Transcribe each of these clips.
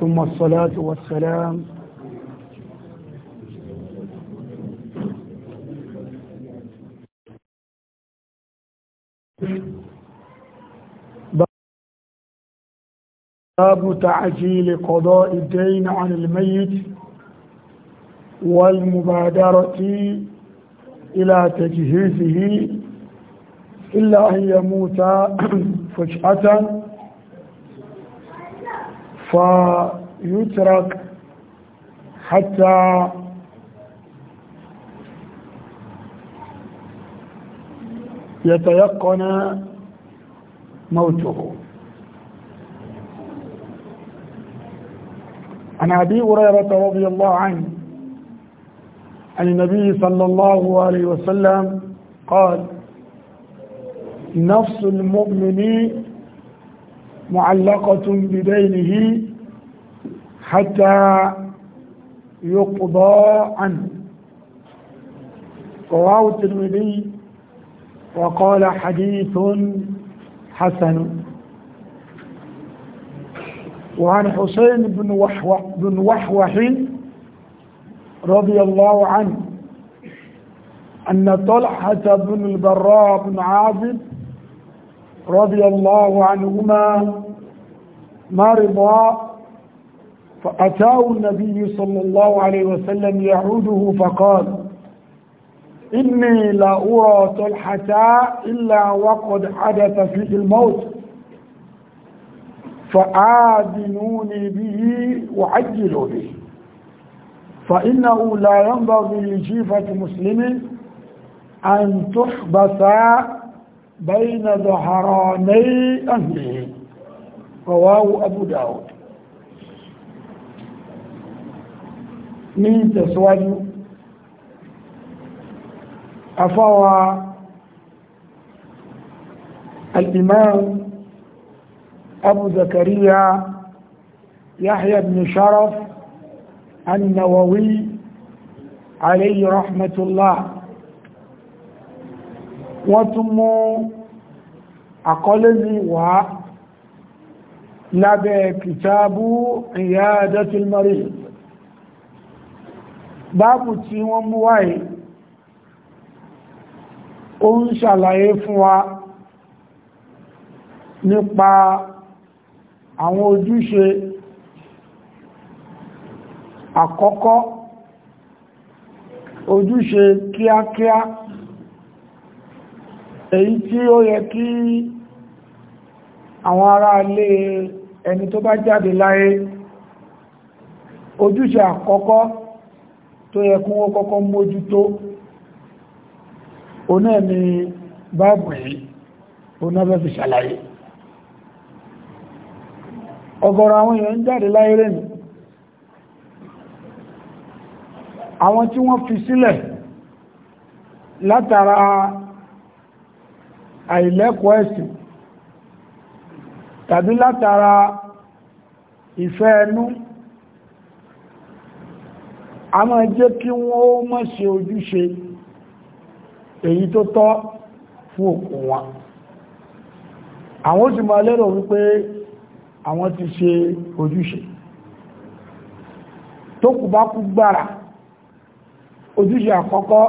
ثم الصلاة والسلام باب تعجيل قضاء الدين عن الميت والمبادرة إلى تجهيزه إلا أن يموت فجأة فيترك حتى يتيقن موته عن أبي هريرة رضي الله عنه عن النبي صلى الله عليه وسلم قال نفس المؤمن معلقة بدينه حتى يقضى عنه رواه الترمذي وقال حديث حسن وعن حسين بن وحوح بن وحوح رضي الله عنه أن طلحة بن البراء بن عازب رضي الله عنهما مرض فأتاه النبي صلى الله عليه وسلم يعوده فقال إني لا أرى طلحة إلا وقد حدث فيه الموت فآذنوني به وعجلوا به فإنه لا ينبغي لجيفة مسلم أن تحبس بين ظهراني أهله رواه أبو داود ní ìtẹ̀síwájú afọ́wà al-imam abu zakariya yahya ibn sharaf an-nawawi alayhi rahmatullah wọ́n tún mú àkọlé ní wàá lábẹ́ kìtàbù ìyá dátìlmarí báàbù tí wọ́n mú wáyé ó ń ṣàlàyé fún wa nípa àwọn ojúṣe àkọ́kọ́ ojúṣe kíákíá èyí tí ó yẹ kí àwọn ará ilé ẹni tó bá jáde láyé ojúṣe àkọ́kọ́ tó yẹ kún ó kọ́kọ́ mójútó o náà ni báàbù yìí o náà fẹ́ fi ṣàlàyé ọ̀gọ̀rọ̀ àwọn èèyàn ń jáde láyé rẹ̀ àwọn tí wọ́n fi sílẹ̀ látara àìlẹ́kọ̀ọ́ ẹ̀sìn tàbí látara ìfẹ́ ẹnu a máa jẹ́ kí wọ́n ó mọ́ ṣe ojúṣe èyí tó tọ́ fún òkú wọn àwọn ó sì máa lérò wípé àwọn ti ṣe ojúṣe tó kù bá kú gbára ojúṣe àkọ́kọ́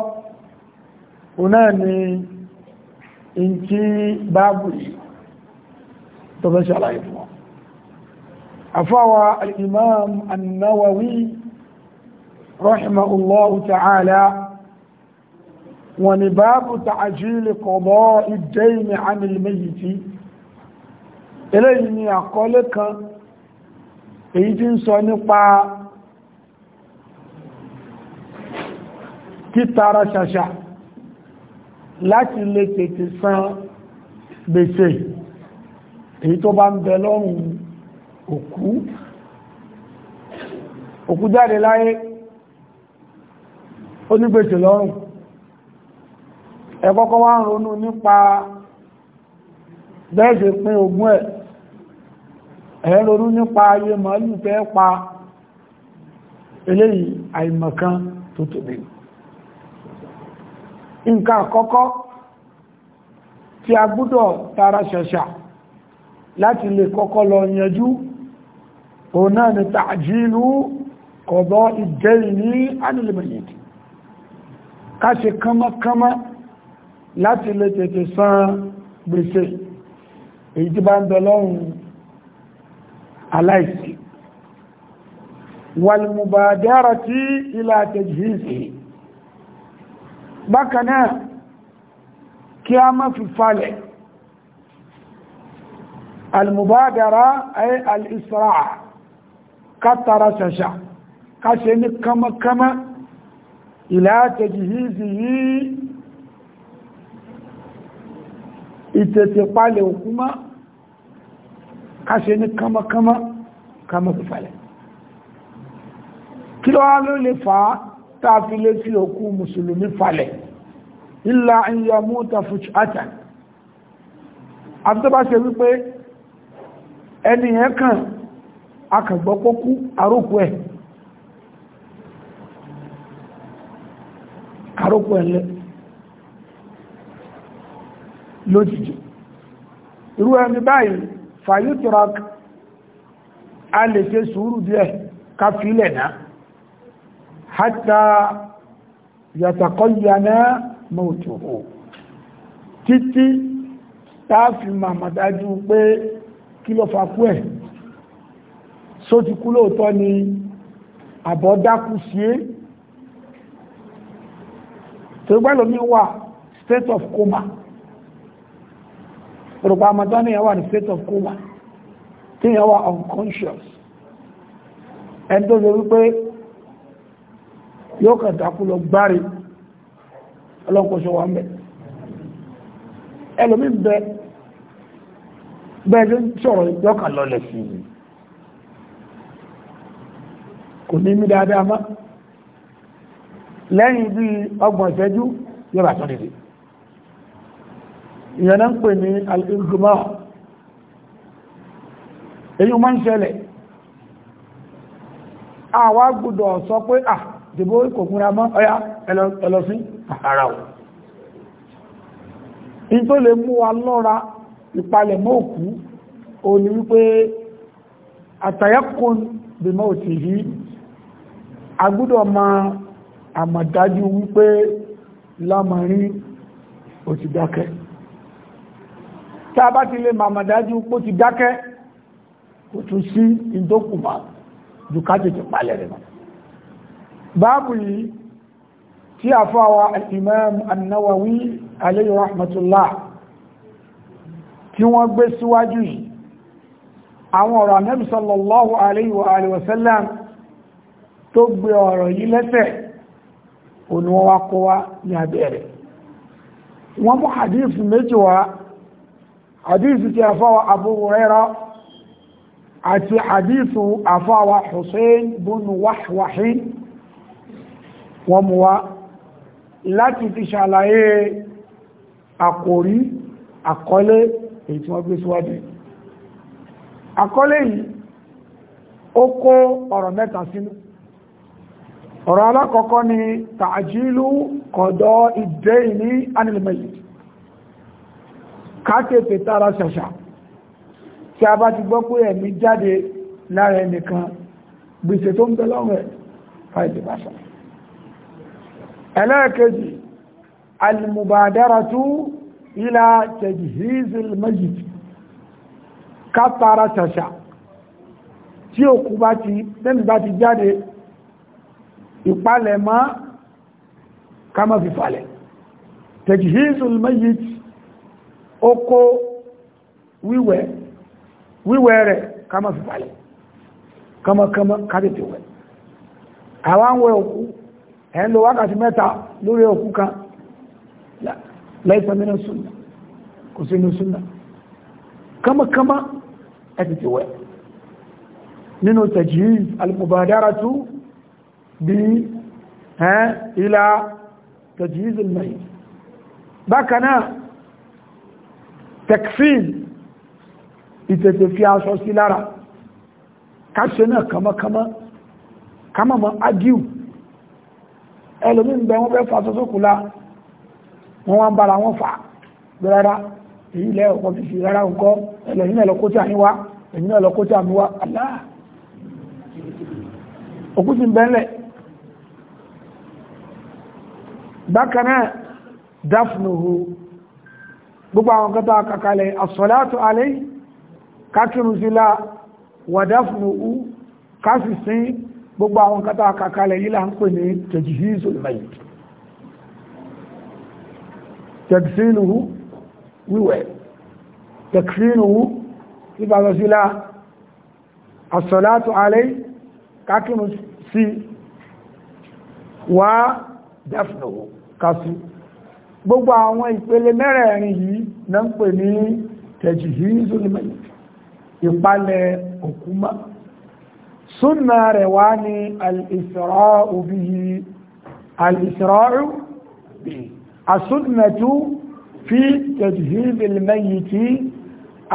òun ni in tí báàbù yìí tó fẹ́ ṣàlàyé fún àfáwà al-imam rahimahullahu ta'ala wọ́n ní báàbù ta'jil qada'i ad-dayn 'an al-mayyit eléyìí ni àkọlé kan èyí tí ń sọ nípa títara ṣàṣà láti lè tètè san gbèsè èyí tó bá ń bẹ lọ́rùn òkú òkú jáde láyé onígbèsè lọ́rùn ẹ̀kọ́kọ́ wá ń ronú nípa bẹ́ẹ̀ṣe pín ogún ẹ̀ ẹ̀ ronú nípa ayé màálù tẹ́ pa eléyìí àìmọ̀kan tó tóbi nǹkan àkọ́kọ́ tí a gbúdọ̀ tara ṣẹ̀ṣà láti lè kọ́kọ́ lọ yanjú òun náà ni tàjílú kọ̀bọ́ ìjẹ́ ìní ánìlẹ̀mẹ̀yìntì ká ṣe kánmọ́kánmọ́ láti lè tètè san gbèsè èyí tí bá ń bẹ lọ́rùn aláìsí wàlmùbàdára tí ilá tẹ̀jìsì bákanáà kí a má fi falẹ̀ almùbàdára ay al-isra' ká tara ṣàṣà ká ṣe ní kánmọ́kánmọ́ ìlà tẹ̀jìhìzì yìí ìtẹ̀tẹ̀ palẹ̀ òkú kama káṣe ní kánmọ́kánmọ́ kánmọ́ fífàlẹ̀ kí ló wá ló lè fàá tààfi lè fi òkú mùsùlùmí falẹ̀ ìlà ìyàmú tàfùchù àtà àtọ́bá ṣe wípé ẹni ẹ̀kàn akàgbọ́pọ́kú àrókù ẹ̀ àrókù ẹ̀lẹ́ lójijì irú ẹni báyìí fayutrak a lè ṣe sùúrù díẹ̀ ká fílẹ̀ náà hatta yàtàkọ́yàná mọ́tòrò títí táàfin màmàdájú pé kí ló fa ẹ̀ só lóòtọ́ ni àbọ̀dákú sí tòrògbà lómi wà state of coma tòrògbà àmàdá ní ẹwà ní state of coma tí yẹn wà unconscious ẹni tó ṣe wípé yóò kàn dákú lọ gbáre ọlọ́nkọ̀ṣọ́ wà mẹ́ ẹlòmí bẹ bẹ́ẹ̀ tó ń sọ̀rọ̀ yọ́kàn lọlẹ̀ sí kò ní mí dáadáa máa lẹ́yìn bí ọgbọ̀n ìṣẹ́jú yóò bá tún dìde ìyẹn náà ń pè ní alìgbùmọ́ èyí máa ń ṣẹlẹ̀ àwa gbọ́dọ̀ sọ pé à dìbò kò kúnra mọ́ ọya ẹlọ́sí ara ò in tó lè mú wa lọ́ra ìpalẹ̀mọ́ òkú o ní wípé àtàyẹ́kùn bímọ́ òtì yìí agbọ́dọ̀ máa àmọ̀dájú wípé lámọ̀rin ò ti dákẹ́ tí a bá ti lè màmọ̀dájú pó ti dákẹ́ kò tún sí ìdókùnmá dùkájẹ̀kẹ̀ palẹ̀ rẹ̀ báàbù yìí tí a fọ́ àwọn Imam An-Nawawi alayhi rahmatullah tí wọ́n gbé síwájú yìí àwọn ọ̀rọ̀ Ànábì sallallahu alayhi wa sallam tó gbé ọ̀rọ̀ yìí lẹ́sẹ̀ẹ́ òní wọ́n wá kó wá ní abẹ́rẹ̀ wọ́n mú hadith méjì hadith ti afọ́wà Abu Huraira àti hadith afọ́wà Hussein bin Wahwahi wọ́n mú láti fi ṣàlàyé àkòrí àkọlé èyí tí wọ́n gbé síwájú àkọlé yìí ó kó ọ̀rọ̀ mẹ́ta sínú ọ̀rọ̀ alákọ̀ọ́kọ́ ni tààjílù kọ̀dọ̀ ìdẹ́ ìní anìlmẹ̀yì káàkiri tààrà ṣàṣà tí a bá ti gbọ́ pé ẹ̀mí jáde lára ẹnìkan gbèsè tó ń bẹ lọ́rùn ẹ̀ fàìdì ìpalẹ̀mọ́ ká má fi falẹ̀ tajhizul mayyit ó kó wíwẹ̀ wíwẹ̀ rẹ̀ ká má fi falẹ̀ kọmọkọmọ kárìtì wẹ̀ àwọn wẹ̀ òkú ẹ̀ ń lo wákàtí mẹ́ta lórí òkú kan lẹ́sàmínà súnnà kò sínú súnnà kọmọkọmọ ẹ̀ wẹ̀ nínú tajhiz al-mubadaratu ilá tajhiz al-mayt bákan náà takfin ìtẹ̀tẹ̀ fi aṣọ sí lára káṣẹ náà kamakama kamama agiu ẹlòmí ń bẹ wọ́n fẹ́ fa sọ́sọ́kùlá wọ́n wá ń bára wọ́n fà rárá èyí lẹ́ ọ̀pọ̀ fi fi rárá nǹkan ẹlẹ́yìn náà lọ́kọ́ tí a ní wá ẹ̀yìn náà lọ́kọ́ tí a mú wá aláà òkú ti ń bẹ́ńlẹ̀ bákanáà dáfnuhu gbogbo àwọn kẹta kakalẹ̀ asọ́látù alẹ́ kákínúsílá wà dáfnuhu kásìsín gbogbo àwọn kẹta kakalẹ̀ yílá ń pè ní tajhizul mayit tẹ̀kísínuhu wíwẹ̀ tẹ̀kísínuhu ìbàlọ́sílá asọ́látù alẹ́ kákínúsí wà dáfnuhu kásí gbogbo àwọn ìpele mẹ́rẹ̀ẹ̀rin yìí na ń pè ní tẹ̀jìhì zulmẹ̀ ìpalẹ̀ òkúmá súnà rẹ̀ wá ní al-isra'u bihi al-isra'u bihi as-sunnatu fi tẹ̀jìhì bilmayyiti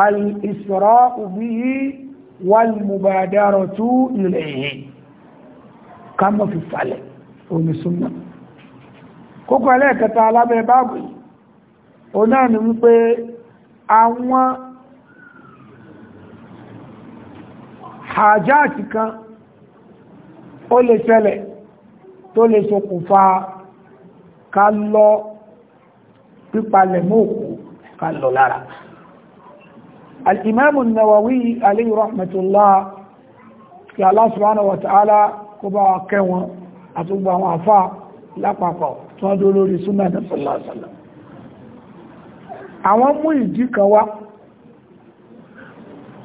al-isra'u bihi wal fi falẹ̀ omi súnà kókó ẹlẹ́ẹ̀kẹta alábẹ́ báàbù yìí o náà ni wípé àwọn hajjáàtì kan ó lè ṣẹlẹ̀ tó lè ṣokùnfà ká lọ pípalẹ̀ mọ́kù ká lọ lára al-Imam an-Nawawi alayhi rahmatullah kí Allah subhanahu kó bá wa kẹwọn àtúgbà àwọn àfá lápapọ̀ tí wọ́n dúró lórí súnà ní sọ́lọ́sọ́lọ́ àwọn mú ìdí kan wá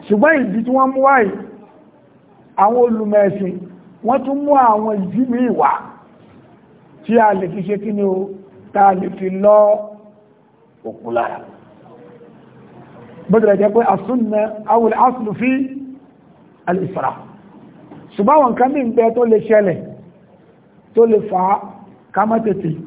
ṣùgbọ́n ìdí tí wọ́n mú wáyìí àwọn olùmẹ̀ẹ̀sìn wọ́n tún mú àwọn ìdí míì wá tí a lè fi ṣe kí ni o tá lè fi lọ òkú lára bọ́dẹ̀ jẹ́ pé àsúnnà awul aslu fi al ṣùgbọ́n àwọn kan ní ìgbẹ́ tó lè ṣẹlẹ̀ tó lè fà á ká má tètè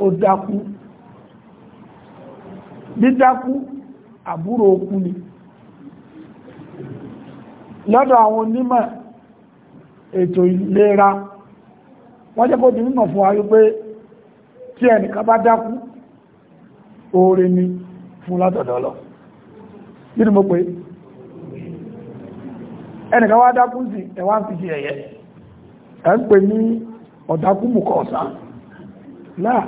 ó dákú dídákú àbúrò okú ni lọ́dọ̀ àwọn onímọ̀ ètò ìlera wọ́n jẹ́ kó di mímọ̀ fún wa pé tí ẹnìká bá dákú oore ni fún látọ̀dọ̀ lọ nínú mo pé ẹnìká wá dákú sí ẹwà ń fi ṣe ẹ̀yẹ ẹ̀ ń pè ní ọ̀dákú mùkọ̀ ọ̀sán láà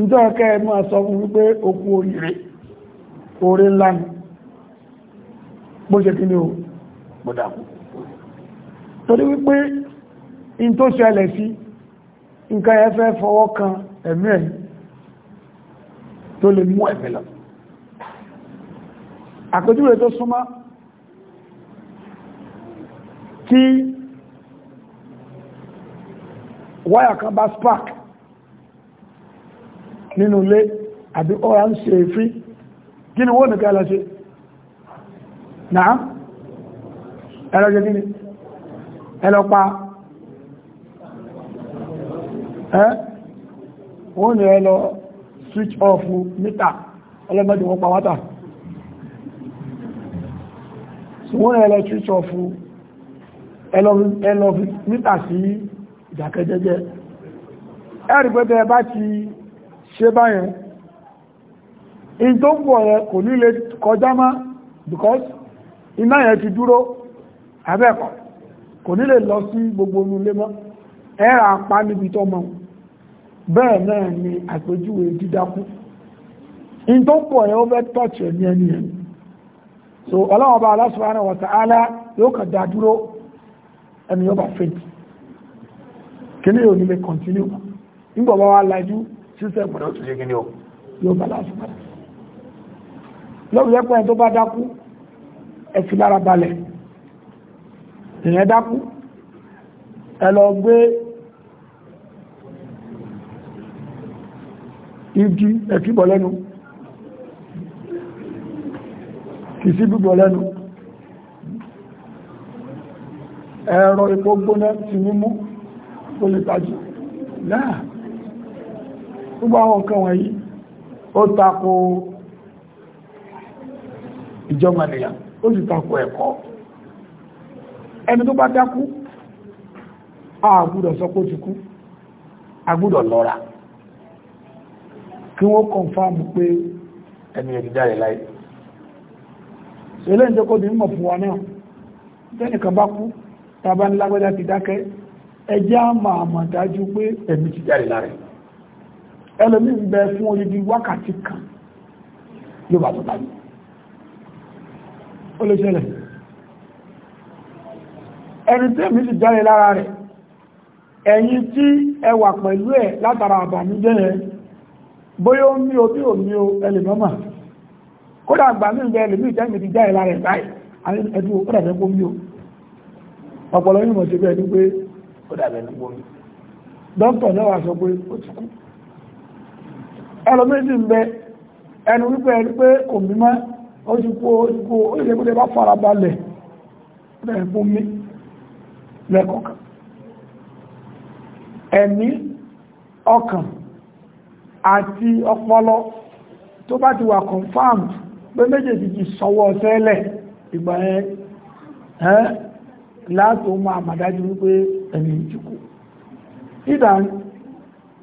ìjọ́ ọ̀kẹ́ ẹ máa sọ fún wípé okú oríire orí ńlá ni bó ṣe kí ni o gbọ́dàkú torí wípé in tó ṣẹlẹ̀ sí nǹkan ẹ fẹ́ fọwọ́ kan ẹ̀mí ẹ̀ tó lè mú ẹ̀mí lọ àpèjúwe tó súnmọ́ tí wáyà kan bá spark nínú ilé àbí ọ́ra ń ṣe èéfí kí wọ́n ní káàlá náà ẹlọ́jẹ́ ẹlọ́pa ẹ́ wọ́n switch off mítà ọlọ́mọdé wọ́n pa wátà wọ́n ní ẹlọ switch off ẹlọ mítà sí bá ti ṣe báyẹn in tó ń bọ̀ yẹn kò ní kọjá má because iná yẹn ti dúró abẹ́ẹ̀kọ́ kò ní lè lọ sí gbogbo inú mọ́ ẹ̀rà apá níbi tó mọ́ bẹ́ẹ̀ náà ni àpèjúwe dídákú in tó ń bọ̀ yẹn ó fẹ́ tọ́ọ̀tì ẹ̀mí ẹni yẹn so ọlọ́wọ́n bá Allah subhanahu wa ta'ala yóò kàn dá dúró ẹni yóò bá fèntì kí ni yóò nílé continue nígbà bá wà lájú sísẹ̀ mọ̀ náà tó ṣe kíní o yóò bá láti padà lọ́wọ́ yẹ pé ẹni tó bá dákú ẹ fi lára balẹ̀ ìyẹn dákú ẹ lọ gbé igi ẹ̀kí bọ̀ lẹ́nu kìsí bíbọ̀ lẹ́nu ẹ̀rọ epo ti mímú ó lè gbogbo àwọn nǹkan wọ̀nyí ó tako ìjọmọ̀nìyàn ó sì tako ẹ̀kọ́ ẹni tó bá dákú àgbúdọ̀ sọ pé ó ti kú àgbúdọ̀ lọ́ra kí wọ́n kọ̀nfàmù pé ẹni ẹ̀dì jáde láì ṣẹlẹ́ ìjọkọ́ di mímọ̀ fún wa náà tẹ́nìkan bá kú tàbá ti dákẹ́ ẹjẹ́ àmà dájú pé ẹ̀mí ti jáde láì ẹlòmí ń bẹ fún orí bí wákàtí kan ló bá tó tàbí O lè ṣẹlẹ̀ ẹni tí èmi sì jáde lára rẹ̀ ẹ̀yin tí ẹ wà pẹ̀lú ẹ̀ látara àbàmíjẹ́ yẹn bóyá ó mí o bí ò mí o ẹlòmọ́mà kódà àgbà mí ń bẹ ẹlòmí ìtẹ́mi ti jáde lára ẹ̀ báyìí ẹdún ó dàbẹ́ kó mí o ọ̀pọ̀lọpọ̀ yìí mọ̀ sí ni pé ó dàbẹ́ kó mí dókítà náà wà sọ pé ó ẹlòmíjì ń bẹ ẹnu wípé ẹni pé kò mímọ́ ojúkú ojúkú orílẹ̀ bá fara balẹ̀ rẹ̀ fún mi ọkàn àti ọpọlọ tó bá ti wà confam pé méjèèjì ti sọwọ́ sẹ́lẹ̀ ìgbà ẹ̀ látò máa màdájú wípé ẹni ìjúkú ìdá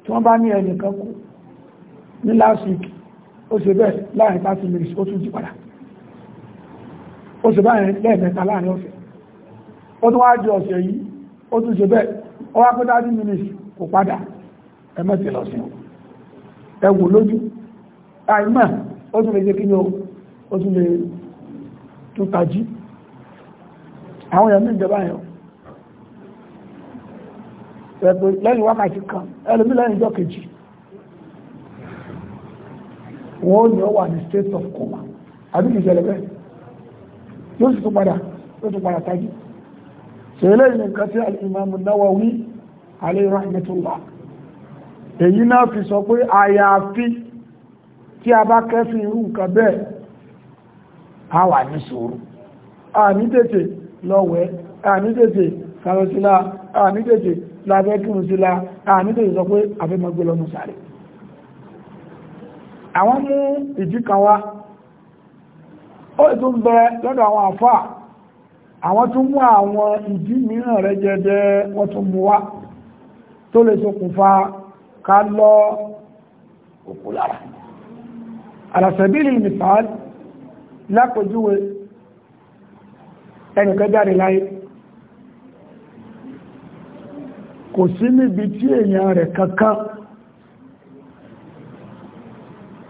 tí wọ́n ní ẹnìkan kú ní last week ó ṣe bẹ́ẹ̀ láàrin 30 minutes ó tún jí padà ó ṣe báyẹn lẹ́ẹ̀mẹ́ta láàrin ọ̀sẹ̀ ó tún wá jẹ ọ̀sẹ̀ yìí ó tún ṣe bẹ́ẹ̀ ó wá pé 30 minutes kò padà ẹmẹ́sẹ̀ lọ sí ẹwù lójú àìmọ̀ ó tún lè jẹ́ kí ó tún lè tún tají àwọn èèyàn ní ìjọba yẹn lẹ́yìn wákàtí kan ẹlòmí ìjọ kejì wọ́n ní ọ wà ní state of coma àbí kìí ṣẹlẹ̀ bẹ́ẹ̀ yóò sì tún padà yóò tún padà tají ṣẹlẹ̀ ìlú nǹkan tí al-Imam Nawawi alayhi rahmatullah èyí náà fi sọ pé àyàfi tí a bá kẹ́fì irú nǹkan bẹ́ẹ̀ a wà ní sùúrù a ní tètè lọ́wẹ́ a ní tètè sàrọ̀sílá a ní tètè lábẹ́kùnrin sílá a ní tètè sọ pé àfẹ́mọ́gbẹ́lọ́nù sáré àwọn mú ìdí kan wá ó tún bẹ lọ́dọ̀ àwọn àfà àwọn tún mú àwọn ìdí mìíràn rẹ jẹjẹ wọ́n tún mú wá tó lè ṣokùnfà ká lọ òkú lára àlàsẹ̀bílì mìsàn lápòjúwe ẹnìkan jáde láyé kò sí níbi tí èèyàn rẹ̀ kankan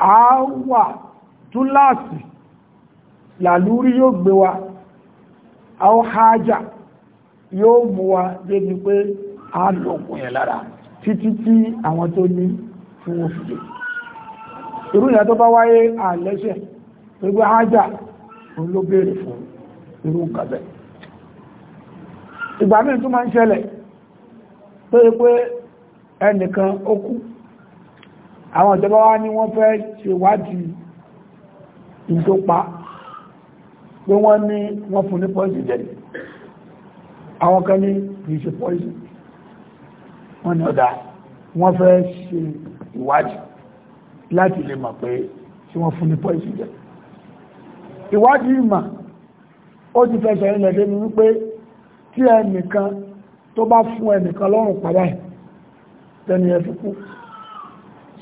a wà túláàsì làlúrí yóò gbé wa a ó hájá yóò mú wa débi pé a lọ òkun yẹn lára títí tí àwọn tó ní fún òfìdè irú ìyà tó bá wáyé àlẹ́ṣẹ̀ gbogbo hájá òun fún irú nǹkan bẹ́ẹ̀ tó máa ń ṣẹlẹ̀ tó yẹ pé ẹnìkan ó kú àwọn ìjọba wá ní wọ́n fẹ́ ṣèwádìí ìtópa pé wọ́n ní wọ́n fún ní poison jẹ́ àwọn kan ní ìṣe poison wọ́n ní ọ̀dá wọ́n fẹ́ ṣe ìwádìí láti lè mọ̀ pé tí wọ́n fún ní poison jẹ́ ìwádìí ìmọ̀ ó ti fẹ́ sẹ́yìn ní wípé tí ẹnìkan tó bá fún ẹnìkan lọ́rùn pàdá tẹ́ni ẹ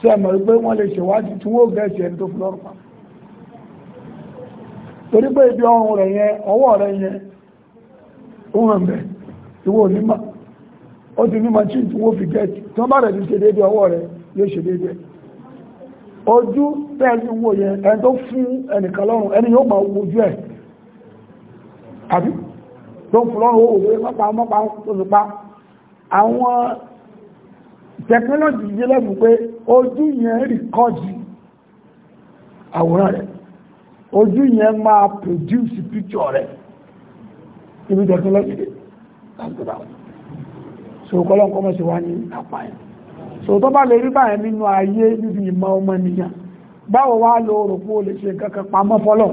sí ẹ̀mọ̀ wípé wọ́n lè ṣèwádìí tí wọ́n gẹ̀ẹ́sì ẹni tó fi lọ́rùn pa torí pé ibi ọrùn rẹ̀ yẹn ọwọ́ rẹ̀ yẹn ó hàn bẹ̀ onímọ̀ ó ti ní machine tí wọ́n fi gẹ̀ẹ́sì tí wọ́n bá rẹ̀ ti ṣe déédé ọwọ́ rẹ̀ yóò ṣe déédé ojú tẹ́ẹ̀sì àwọn technology yìí lẹ́bù pé ojú yẹn rìkọ́dì àwòrán rẹ̀ ojú yẹn máa produce picture rẹ̀ ibi technology rẹ̀ lágbàdà so kọ́lọ́nkọ́ mọ́ sí wá ní àpá ẹ̀ so tó bá lè rí báyẹn nínú ayé níbi ìmọ̀ ọmọ nìyàn báwo wá lo rò ṣe pamọ́ fọ́lọ̀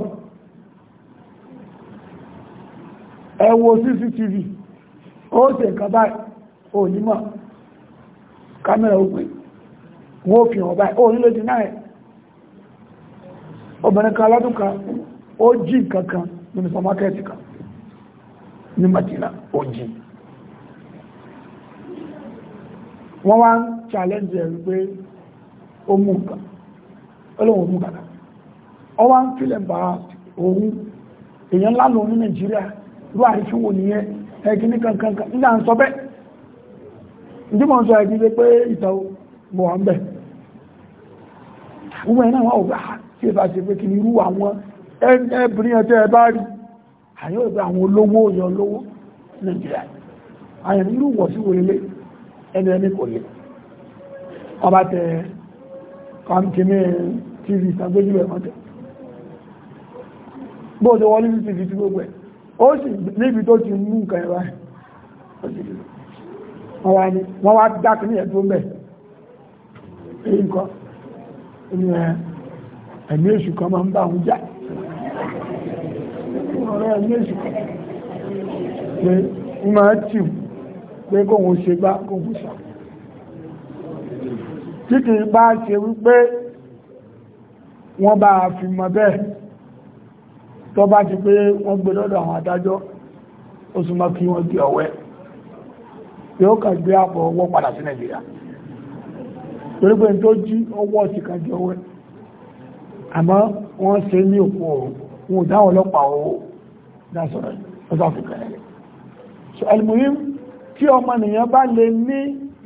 kámẹ́rà ogun wọ́n fi hàn báyìí ó nílò dínà ẹ̀ obìnrin kan lọ́dún ó jí nǹkan nínú sọmákẹ́ẹ̀tì kan ní Madina ó jí wọ́n wá ń challenge ẹ̀ wípé ó mú nǹkan ọlọ́wọ̀n mú ọ wá ń fílẹ̀ bá èèyàn kankan nígbà ń ìdí mọ̀ sọ ẹ̀kí pé ìtàwó mọ̀ wọ́n bẹ̀ wọ́n ẹ̀nà wọ́n ọ̀gbà tí ẹ̀bá ṣe pé kí ní irú àwọn ẹbìnrin ẹ̀tẹ́ ẹ̀bá rí àyẹ́ ògbà àwọn olówó yọ lówó Nàìjíríà àyẹ̀ irú wọ̀ sí wòlélé ẹni ẹni kò lè ọba tẹ kọ́mkìní tv sàgbéjú ẹ̀ wọ́n tẹ bóòdó wọ́n ní tv tí gbogbo ẹ̀ ó sì níbi tó ti mú nǹkan ẹ̀rọ ẹ̀ wọ́n wá dákì ní ẹ̀dùn mẹ́ èyí nǹkan inú ẹ̀mí èṣù kan máa ń bá òun jà ọ̀rọ̀ ẹ̀mí èṣù kan pé ń máa tì pé kóhun ṣe gbá kóhun sà tí kì í bá ṣe wípé wọ́n bá fi mọ̀ bẹ́ẹ̀ tó bá ti pé wọ́n gbé lọ́dọ̀ àwọn adájọ́ ó súnmọ́ kí wọ́n di ọ̀wẹ́ yóò kà gbé àpò owó padà sí nàìjíríà torí pé tó jí ọwọ́ ti kà jẹ owó àmọ́ wọ́n ṣe ní òkú òun wọn ò dáwọn ọlọ́pàá owó dáṣọ́rọ̀ South Africa rẹ̀ so almuhim tí ọmọ nìyàn bá lè ní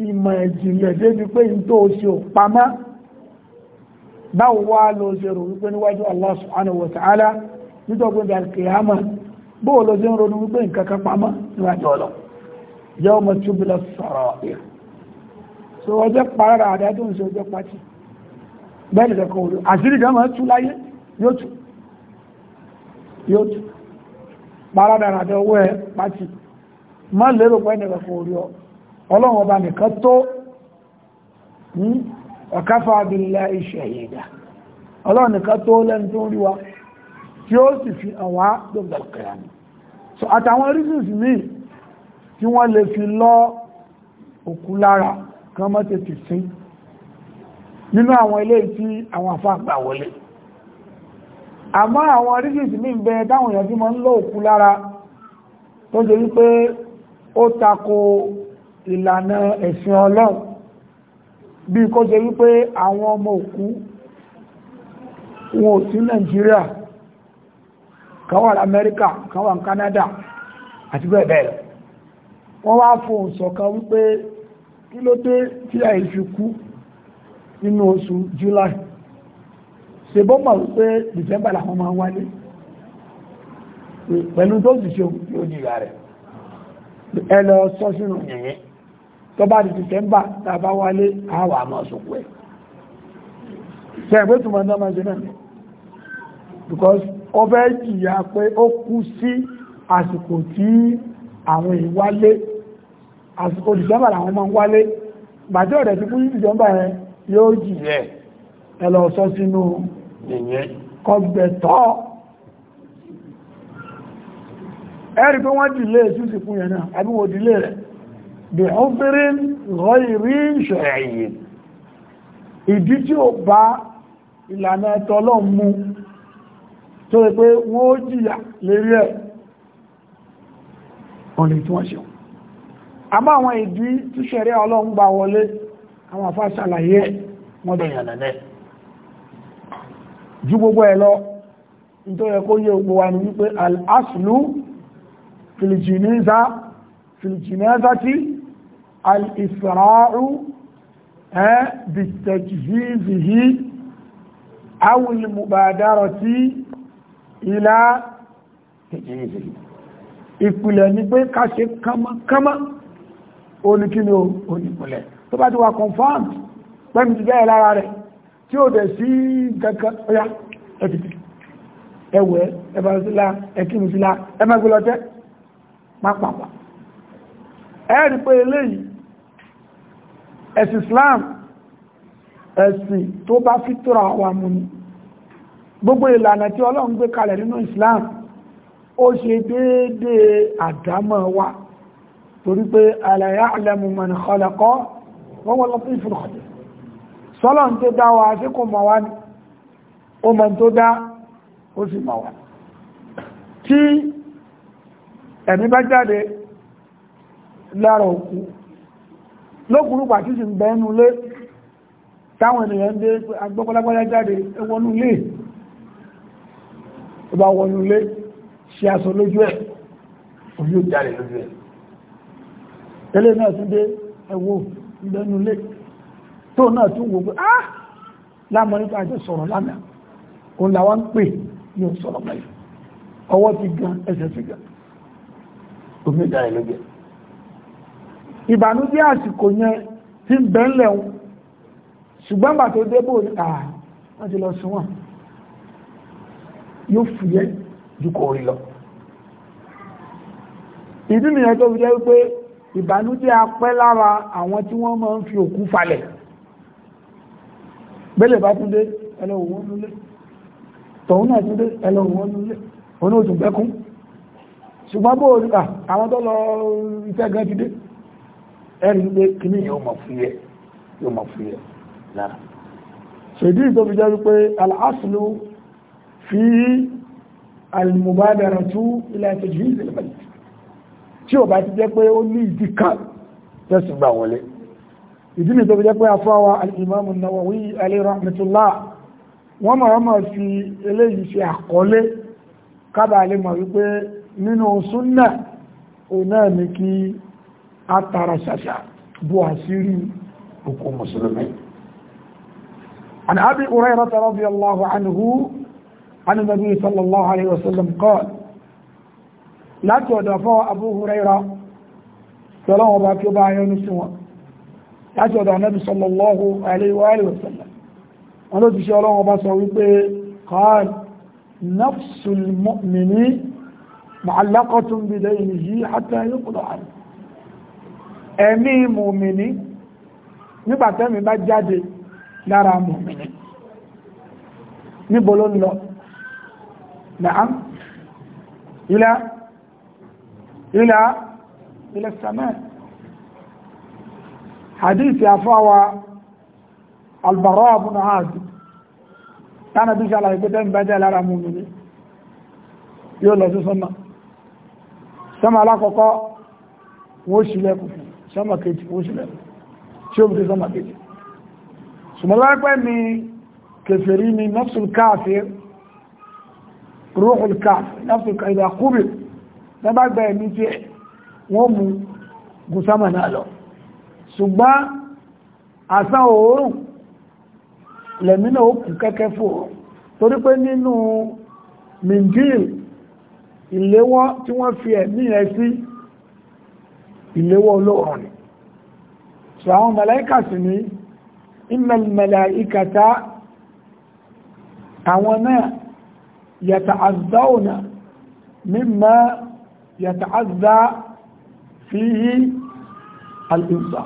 ìmọ̀ ìjìnlẹ̀ débi pé n tó ṣe ò pamá báwo wá lọ ṣe rò wípé níwájú Allah subhanahu wa ta'ala nítorí pé alkiyama bóò lọ ṣe ń ronú wípé nǹkan kan pamá níwájú Ọlọ́run yawma tubla as-sara'ir so ọjọ́ pàára àdá tó ń ṣe ọjọ́ pàtí bẹ́ẹ̀lì ẹ̀kọ́ òru àṣírí gan máa tú láyé yóò tú yóò tú pàára dáradá owó ẹ pàtí má lérò pẹ́ ẹ̀kọ́ òru ọ ọlọ́run ọba nìkan tó ọ̀káfà hmm? billahi shahida ọlọ́run nìkan tó lẹ́nu tó ń rí tí ó sì fi àwọn àdógbàkẹ́yà ni so àtàwọn reasons míì tí wọ́n lè fi lọ òkú lára kan mọ́ tètè sín nínú àwọn ilé tí àwọn àfá àgbà wọlé àmọ́ àwọn rígìsì ní ìbẹ̀ táwọn èèyàn tí mọ́ ń lọ òkú lára tó jẹ́ wípé ó tako ìlànà ẹ̀sìn ọlọ́run bí kó jẹ́ wípé àwọn ọmọ òkú wọn ò sí Nàìjíríà kan wà l'Amẹ́ríkà kan wà Canada àti bẹ́ẹ̀ bẹ́ẹ̀ wọ́n wá fohùn ṣọ̀kan wípé kí ló dé tí àì fi kú nínú oṣù July ṣèbọ́ mọ̀ wípé December làwọn máa wálé pẹ̀lú tó sì ṣe yóò nìyà rẹ̀ ẹ sọ sínú yìnyín tó bá di December tàbá wálé àwà mọ́ sókú ẹ̀ ṣẹ̀gbẹ́ tó mọ̀ náà máa because ó fẹ́ jìyà pé ó kú sí àsìkò tí àwọn ìwálé àsìkò dìjọ́mbà làwọn máa ń wálé bàjẹ́ ọ̀rẹ́ ti fún dìjọ́mbà rẹ yóò jì rẹ̀ ẹlọ sọ sínú yẹ̀yẹ́ kọgbẹ̀tọ́ ẹ̀rí pé wọ́n dìlé sísì fún yẹn náà àbí wọ́n dìlé rẹ̀ bí ó fẹ́rẹ́ rọ ìrí ìṣẹ̀rẹ̀ yìí ìdí tí ó bá ìlànà ẹ̀tọ́ lọ mú tó rẹ̀ pé wọ́n jìyà lérí ẹ̀ ọ̀rẹ́ tí àbá àwọn ìdí tí ṣẹ̀rẹ́ ọlọ́run gbà wọlé àwọn àfá ṣàlàyé wọ́n bẹ̀yàn lẹ́lẹ́ ju gbogbo ẹ̀ lọ nítorí kó yé gbogbo wa ní wípé al-aslu filijiniza ti al ẹ́ bitẹ̀kìzìzìhì awùlmùbàdárọ̀ tí ilá tẹ̀kìzìhì ìpìlẹ̀ ni pé ká ṣe kámákámá ó ní kí ni ó ní ìpìlẹ̀ tó bá ti wà confirm pẹ́mì ti jẹ́ lára rẹ̀ tí ó dẹ̀ sí kankan ọya ẹ̀tìtì ẹwẹ̀ ẹbàrúsílá ẹkínusílá ẹmẹ́gbẹ̀lọ́tẹ́ pápápá ẹ̀rí pé eléyìí ẹ̀sìn Islam ẹ̀sìn tó bá fi tóra wà mú ni gbogbo ìlànà tí Ọlọ́run gbé kalẹ̀ nínú Islam ó ṣe déédéé àdámọ́ wa torí pé ala ya'lamu man khalaqa wa huwa al-latiful khabir sọ́lọ̀ tó dá wa sí kò mọ̀ wá ní o mọ̀ tó dá ó sì mọ̀ wá tí ẹ̀mí bá jáde lára òkú lókùnrin pàtí sì ń bẹ́ẹ̀nu lé táwọn ènìyàn dé agbọ́gbọ́lágbọ́lá jáde ẹwọ́nú tẹ́lẹ̀ náà tún dé ẹwọ́ ìbẹ̀nu lé tó náà tún wò ah lámọ́ nípa àjọ sọ̀rọ̀ lánàá òun làwa ń pè ní sọ̀rọ̀ báyìí ọwọ́ ti gan ẹsẹ̀ ti gan omi ìdá ẹ̀ lóge ìbànújẹ́ àsìkò yẹn ti ń bẹ́ ńlẹ̀ wọn ṣùgbọ́n bà tó débò ah! ìdí nìyẹn tó fi wípé ìbànújẹ́ apẹ́ lára àwọn tí wọ́n máa ń fi òkú falẹ̀ bẹ́lẹ̀ bá tún dé ẹlẹ́wọ̀n wọn lulẹ̀ tọ̀hún náà tún dé ẹlẹ́wọ̀n wọn lulẹ̀ wọn ó tún bẹ́kún ṣùgbọ́n bó o ríkà àwọn tó lọ iṣẹ́ gan ti dé ẹ̀rí pé kíní yóò mọ̀ fún yẹ yóò mọ̀ fún yẹ lára ṣèdí tó fi jẹ́ wípé al fi al-mubadaratu ila tajhiz al-bayt tí ò bá ti jẹ́ pé ó ní ìdí kan tẹ́sì gbà wọlé ìdí ni tó fi jẹ́ pé afọ́wà al-Imam an-Nawawi alayhi rahmatullah wọ́n máa ma fi eléyìí ṣe àkọlé kábàá lè mọ̀ wípé nínú súnnà ò náà ní kí a tara ṣàṣà bú àṣírí òkú mùsùlùmí أبي هريرة رضي الله عنه عن النبي صلى الله عليه وسلم قال láti ọ̀dọ̀ fọ́ Abu Hurairah tọ́lọ́wọ́ bá kí ó bá yọnu sí wọn láti ọ̀dọ̀ anábi sallallahu alaihi wa alihi wa sallam wọn ló ti ṣe ọlọ́wọ́ bá sọ wípé qal nafsul mu'mini mu'allaqatun bidaynihi hatta níbo ló ń lọ na'am ila إلى إلى السماء حديث أفاوى البراء بن عازب أنا بيش على يقدم بدل على مؤمنين yóò lọ sí sọ́mà sọ́mà alákọ̀ọ́kọ́ wó ṣílẹ̀kùn fún sọ́mà kejì wó ṣílẹ̀kùn tí ó bí sọ́mà kejì ṣùgbọ́lápẹ́ ni kèfèrí ni nafsul káàfẹ́ rúhul káàfẹ́ nafsul káàfẹ́ tẹ́ bá gba ẹ̀mí tí ẹ̀ wọ́n mú gùsámà náà lọ ṣùgbọ́n àsán òórùn lẹ̀mí náà ó kù kẹ́kẹ́ fò torí pé nínú mìndíl ìléwọ́ tí wọ́n fi ẹ̀mí ẹ̀ sí ìléwọ́ olóòrùn àwọn náà yàtà àzdáwò náà mímọ́ yàtàázá fíhí al'insa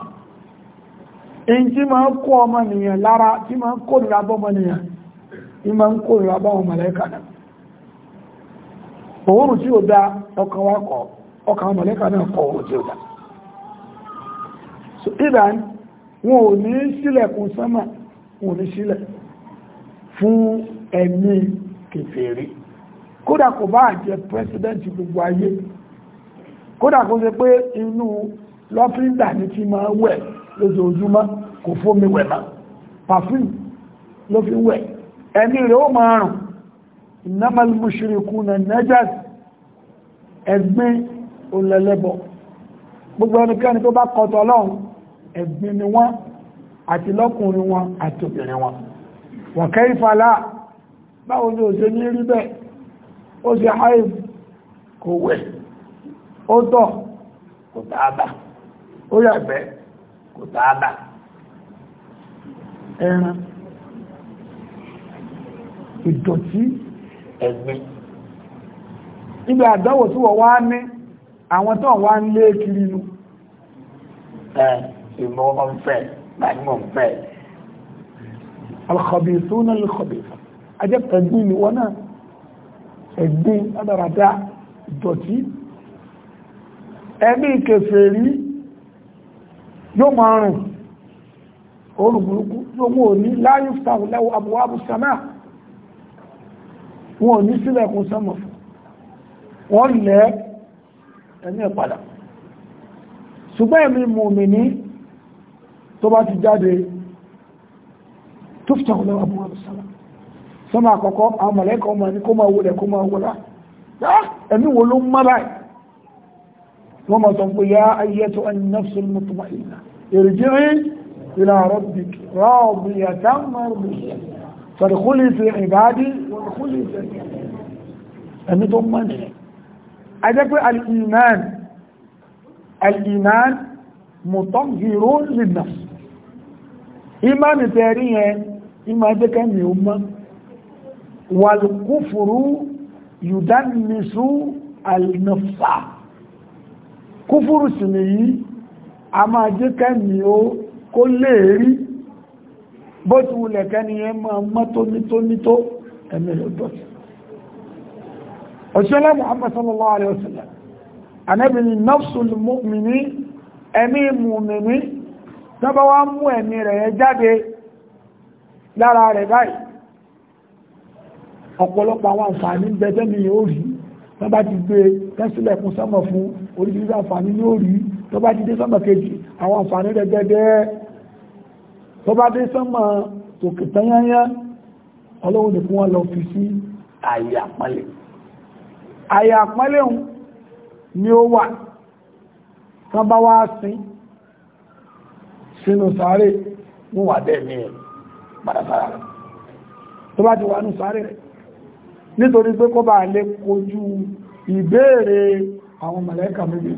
in tí ma ń ma ọmọ nìyàn lára tí ma ń kó ìrabọ́ ọmọ nìyàn tí ma ń kó ìrabọ́ ọmọ mọ̀lẹ́kà tí dá kọ tí dá so wọn ò ní sílẹ̀ kún sánmà wọn ní fún ẹ̀mí kódà kò bá jẹ́ gbogbo ayé kódà kó ṣe pé inú lọ́fíńdà ní ti máa wẹ̀ lójoojúmọ́ kò fómi wẹ̀ mọ́ pàfíìn ló fi wẹ̀ ẹni rẹ̀ ó máa rùn innamal mushrikuna najas ẹ̀gbin olẹ́lẹ́bọ̀ gbogbo ẹnikẹ́ni tó bá kọtọ̀ lọ́hùn ẹ̀gbin ni wọ́n àti lọ́kùnrin ó tọ̀ kò tààbà ó yàgbẹ́ kò tààbà ẹran ìdọ̀tí ẹ̀gbẹ́ ibi àdánwò tí wọ́n wá ní àwọn tó wá ń lé kiri inú ẹ̀ ìmọ̀ ọ̀fẹ́ láìmọ̀ ọ̀fẹ́ alkhabithuna lilkhabitha ajẹ́ ẹ̀gbin ni wọ́n náà ẹ̀gbin ládàradà ìdọ̀tí ẹ̀mí kèfèrí yóò máa rùn oòrùn burúkú lóògùn òní láyé fàwọn lẹ́wọ́ abúwábù sàmà wọn ò ní sílẹ̀kùn sánmọ̀ fún wọ́n lẹ́ ẹ̀mí padà ṣùgbọ́n ẹ̀mí mùmìní tó bá ti jáde tó fi tàwọn lẹ́wọ́ abúwábù sàmà wọ́n mọ̀ sọ pé yá ayyẹ́tò an-nafsul mutma'inna irji'i ila rabbiki radiyatan mardiyyah fadkhuli fi ibadi wadkhuli fi ẹni tó mọ́ ni a jẹ́ pé al-iman al-iman mutahhirun lin-nafs ìmánì tẹ̀rí yẹn ìmá jẹ́kẹ́ mi ó mọ́ wal-kufru yudannisu al-nafsa kúfúrù sì nìyí a máa jẹ́ kẹ́mì ó kó lè rí bó ti wulẹ̀ kẹ́ni ẹ máa mọ́ tónítónító ẹ̀mí ló dọ̀tí òṣèlẹ́ Muhammad sallallahu alaihi wasallam anẹ́bìnrin nafsul mu'mini ẹ̀mí mu'mini tọ́bá wá mú ẹ̀mí rẹ̀ jáde lára rẹ̀ báyìí ọ̀pọ̀lọpọ̀ àwọn àǹfààní bẹ́tẹ́mi yóò rí tọ́bá ti gbé e, tẹ́sílẹ̀kùn sọ́mọ̀ fún oríṣiríṣi àǹfààní yóò rí tó bá ti dé sánmà kejì àwọn àǹfààní rẹ̀ gẹ́gẹ́ tó bá dé sánmà òkè tányányá ọlọ́run nìkan wọn lọ fi sí àyè àpọ́nlé àyè àpọ́nlé ni ó wà tán bá wá sin sínú sáré wọ́n wà bẹ́ẹ̀ ní ẹ̀ rẹ̀ tó bá ti wà nù sáré àwọn mọ̀lẹ́kà méjì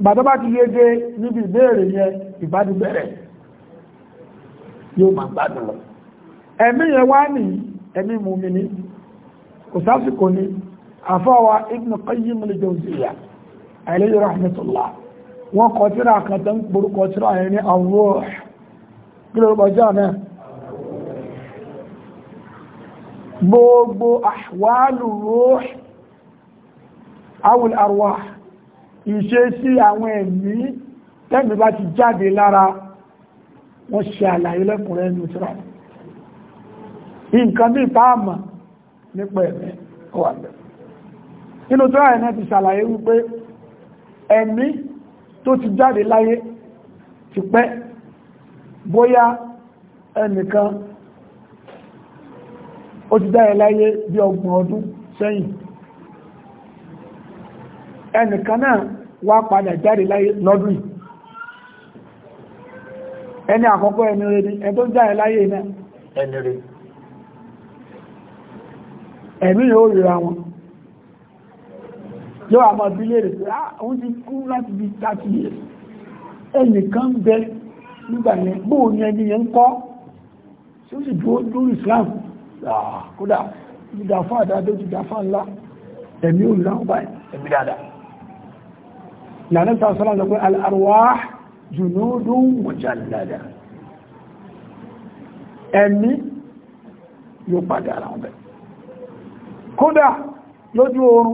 gbàtọ́ bá ti yéde níbi ìbéèrè yẹn ìbádí bẹ̀rẹ̀ yóò máa gbádùn lọ ẹ̀mí yẹn wá ní ẹ̀mí mùmínì kò sásìkò ní àfọwà Ibn Qayyim al-Jawziyyah alayhi rahmatullah wọn kọ tíra kan tó ń ní Ar-Ruh kí gbogbo ahwalu ruh awul arwa ìṣe sí àwọn ẹ̀mí tẹ́mì bá ti jáde lára wọ́n ṣe àlàyé lẹ́kùnrin ẹnu tíra nǹkan bí ìpáàmà nípa ẹ̀mí ọwà bẹ̀rẹ̀ inú tíra ẹ̀nà ti ṣàlàyé wípé ẹ̀mí tó ti jáde láyé ti pẹ́ bóyá ẹnìkan ó ti jáde láyé bí ọgbọ̀n ọdún sẹ́yìn ẹnìkan náà wá padà jáde láyé lọ́dún yìí ẹni àkọ́kọ́ ẹni rẹ̀ ni ẹ tó jáde láyé iná ẹni rẹ̀ ẹ̀mí yóò rírà wọn yóò àmọ́ bí lè rẹ̀ pé àwọn ah, ti kú láti bí 30 years ẹnìkan bẹ nígbà yẹn bóò ní ẹni yẹn ń kọ́ tí ó sì dúró lórí Islam ah, kódà ìdàfà àdádó ti dàfà ńlá ẹ̀mí ò rírà wọn báyìí ẹ̀mí dáadáa lànà sàṣọ́lá sọ pé al-arwah junudun mujallada ẹ̀mí yóò padà ara wọn bẹ̀ kódà lójú oorun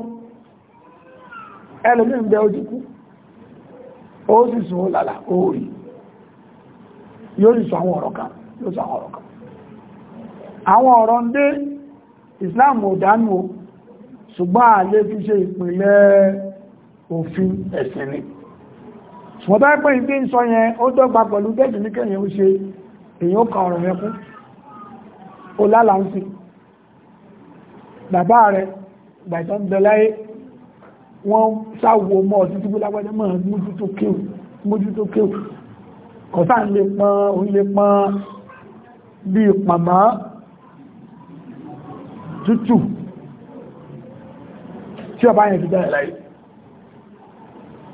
ẹlòmí ń bẹ ojú kú ó sì sùn ó lálà ó rí yóò sì sọ àwọn ọ̀rọ̀ kan yóò sọ àwọn ọ̀rọ̀ kan àwọn ọ̀rọ̀ ń dé Islam ò dánú ṣùgbọ́n àlé fi ṣe ìpínlẹ̀ òfin ẹ̀sìn ni ṣùgbọ́n bá pẹ́ ìgbé ń sọ yẹn ó dọ́gba pẹ̀lú bẹ́ẹ̀dì ní kẹ́yìn ó ṣe èyàn kan ọ̀rọ̀ yẹn fún ó lálà ń sí bàbá rẹ̀ gbàtọ́ ń bẹ wọ́n sáwo mọ́ ọtí tí búlágbájá mọ́ mójútó kéwù mójútó kéwù kọ̀sá ń lè pọn òun lè pọn bí pàmọ́ tútù tí ọba yẹn ti bẹ̀rẹ̀ láyé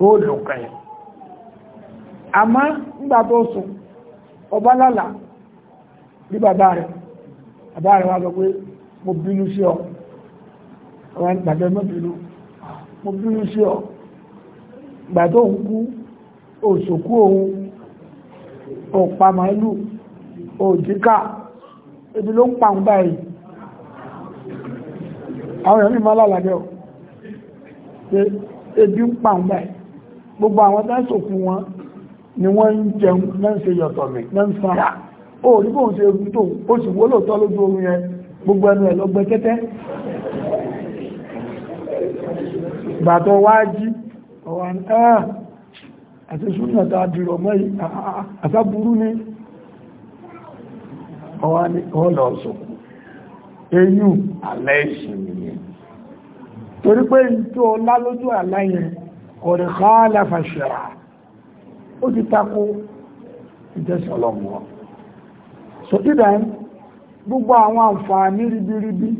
ó lò kẹyẹ àmọ́ nígbà tó sùn ọba lálàá bí bàbá rẹ̀ bàbá rẹ̀ wá sọ pé mo bínú sí ọ ọwọ́ ìgbàjọ́ mọ́ bínú mo bínú sí ọ ìgbà tó ń kú òṣòkú òun ọ̀pá màálù òjíká ibi ló ń pa ń báyìí àwọn èèyàn ní ebi ń pa ń báyìí gbogbo àwọn tẹ́sòfin wọn ni wọ́n ń jẹun lẹ́n ṣe yọ̀tọ̀ mi lẹ́n sára ó rí bóun ṣe rú tó ó sì wó lóòtọ́ lójú oorun yẹn gbogbo ẹnu ẹ̀ lọ́gbẹ́ tẹ́tẹ́ gbàtọ̀ wá jí ọ̀wà ẹ́ ah, àti súnà tá a dìrọ̀ mọ́ ah, ah, àsáburú ní ọwá ní ọlọ́ ọ̀sọ̀kú eyín alẹ́ ìṣẹ̀lẹ̀ torí pé ìtò ọlá lójú àlá yẹn kọ̀dẹ̀ kọ́ọ̀lá fàṣẹ̀rà ó ti takó ìjẹ́sọ̀lọ́mù wọn so dídá gbogbo àwọn àǹfààní ribiribi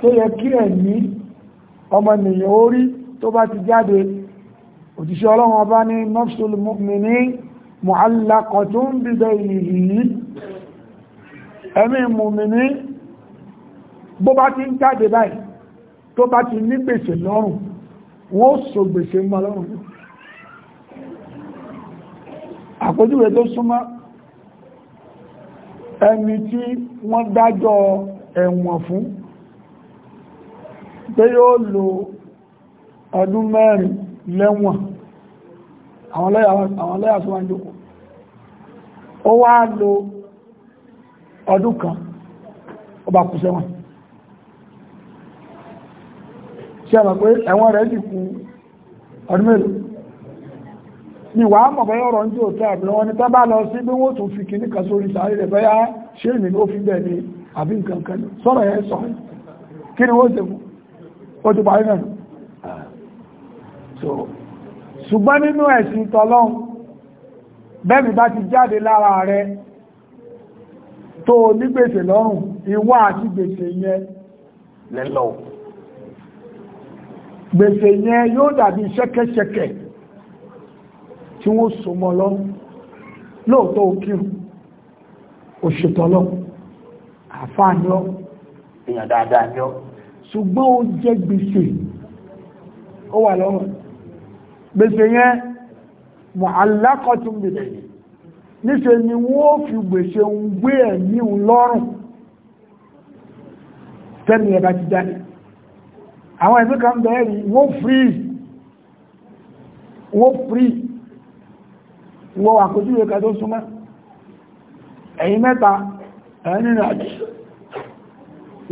tó yẹ kí ẹ̀mí ọmọnìyàn orí tó bá ti jáde òjíṣẹ́ ọlọ́run ọba ní nafsul mu'mini mu'allaqatun bidaynihi ẹ̀mí mu'mini bó bá ti ń jáde báyìí tó bá ti ní gbèsè lọ́rùn wọ́n so gbèsè ń bá lọ́rùn àpójúwẹ̀ tó súnmọ́ ẹni tí wọ́n dájọ́ ẹ̀wọ̀n fún pé yóò lo ọdún mẹ́rin lẹ́wọ̀n àwọn lẹ́yà tó wá ń jókòó ó wá lo ọdún kan ó bá ṣe mọ̀ pé ẹ̀wọ̀n rẹ̀ sì kú ọdún mélòó ni wà á mọ̀ bá yọ̀rọ̀ ń tí ò tẹ́ àbúrẹ́ wọn ni tá bá lọ sí bí wọ́n tún fi kìíní kan sórí sáré rẹ̀ bẹ́yà ṣé èmi ló fi bẹ̀ ni àbí nǹkan kan ní sọ̀rọ̀ yẹn sọ kí ni wọ́n ṣe mú ó ti parí náà ṣùgbọ́n nínú ẹ̀sìn tọlọ́hun bẹ́ẹ̀mì bá ti jáde lára rẹ̀ tó ní lọ́rùn ìwọ àti gbèsè yẹn lẹ́lọ́wọ́ gbèsè yẹn yóò dàbí ṣẹ́kẹ́ṣẹkẹ̀ tí wọ́n so mọ́ lọ lóòótọ́ òkírù òṣètọ́lọ́ àfáàyọ́ èèyàn dáadáa yọ ṣùgbọ́n ó jẹ́ gbèsè ó wà lọ́wọ́ gbèsè yẹn mọ̀ alákọ̀tún bìlẹ̀ níṣẹ́ ni wọ́n fi gbèsè ń gbé ẹ̀mí lọ́rùn tẹ́mi ẹ̀bá ti jáde àwọn ìlú kan bẹ̀ẹ́ rí wó free wó free wó àkójúwé ká tó súnmọ́ ẹ̀yìn mẹ́ta ẹ̀yìn ìrìnàjò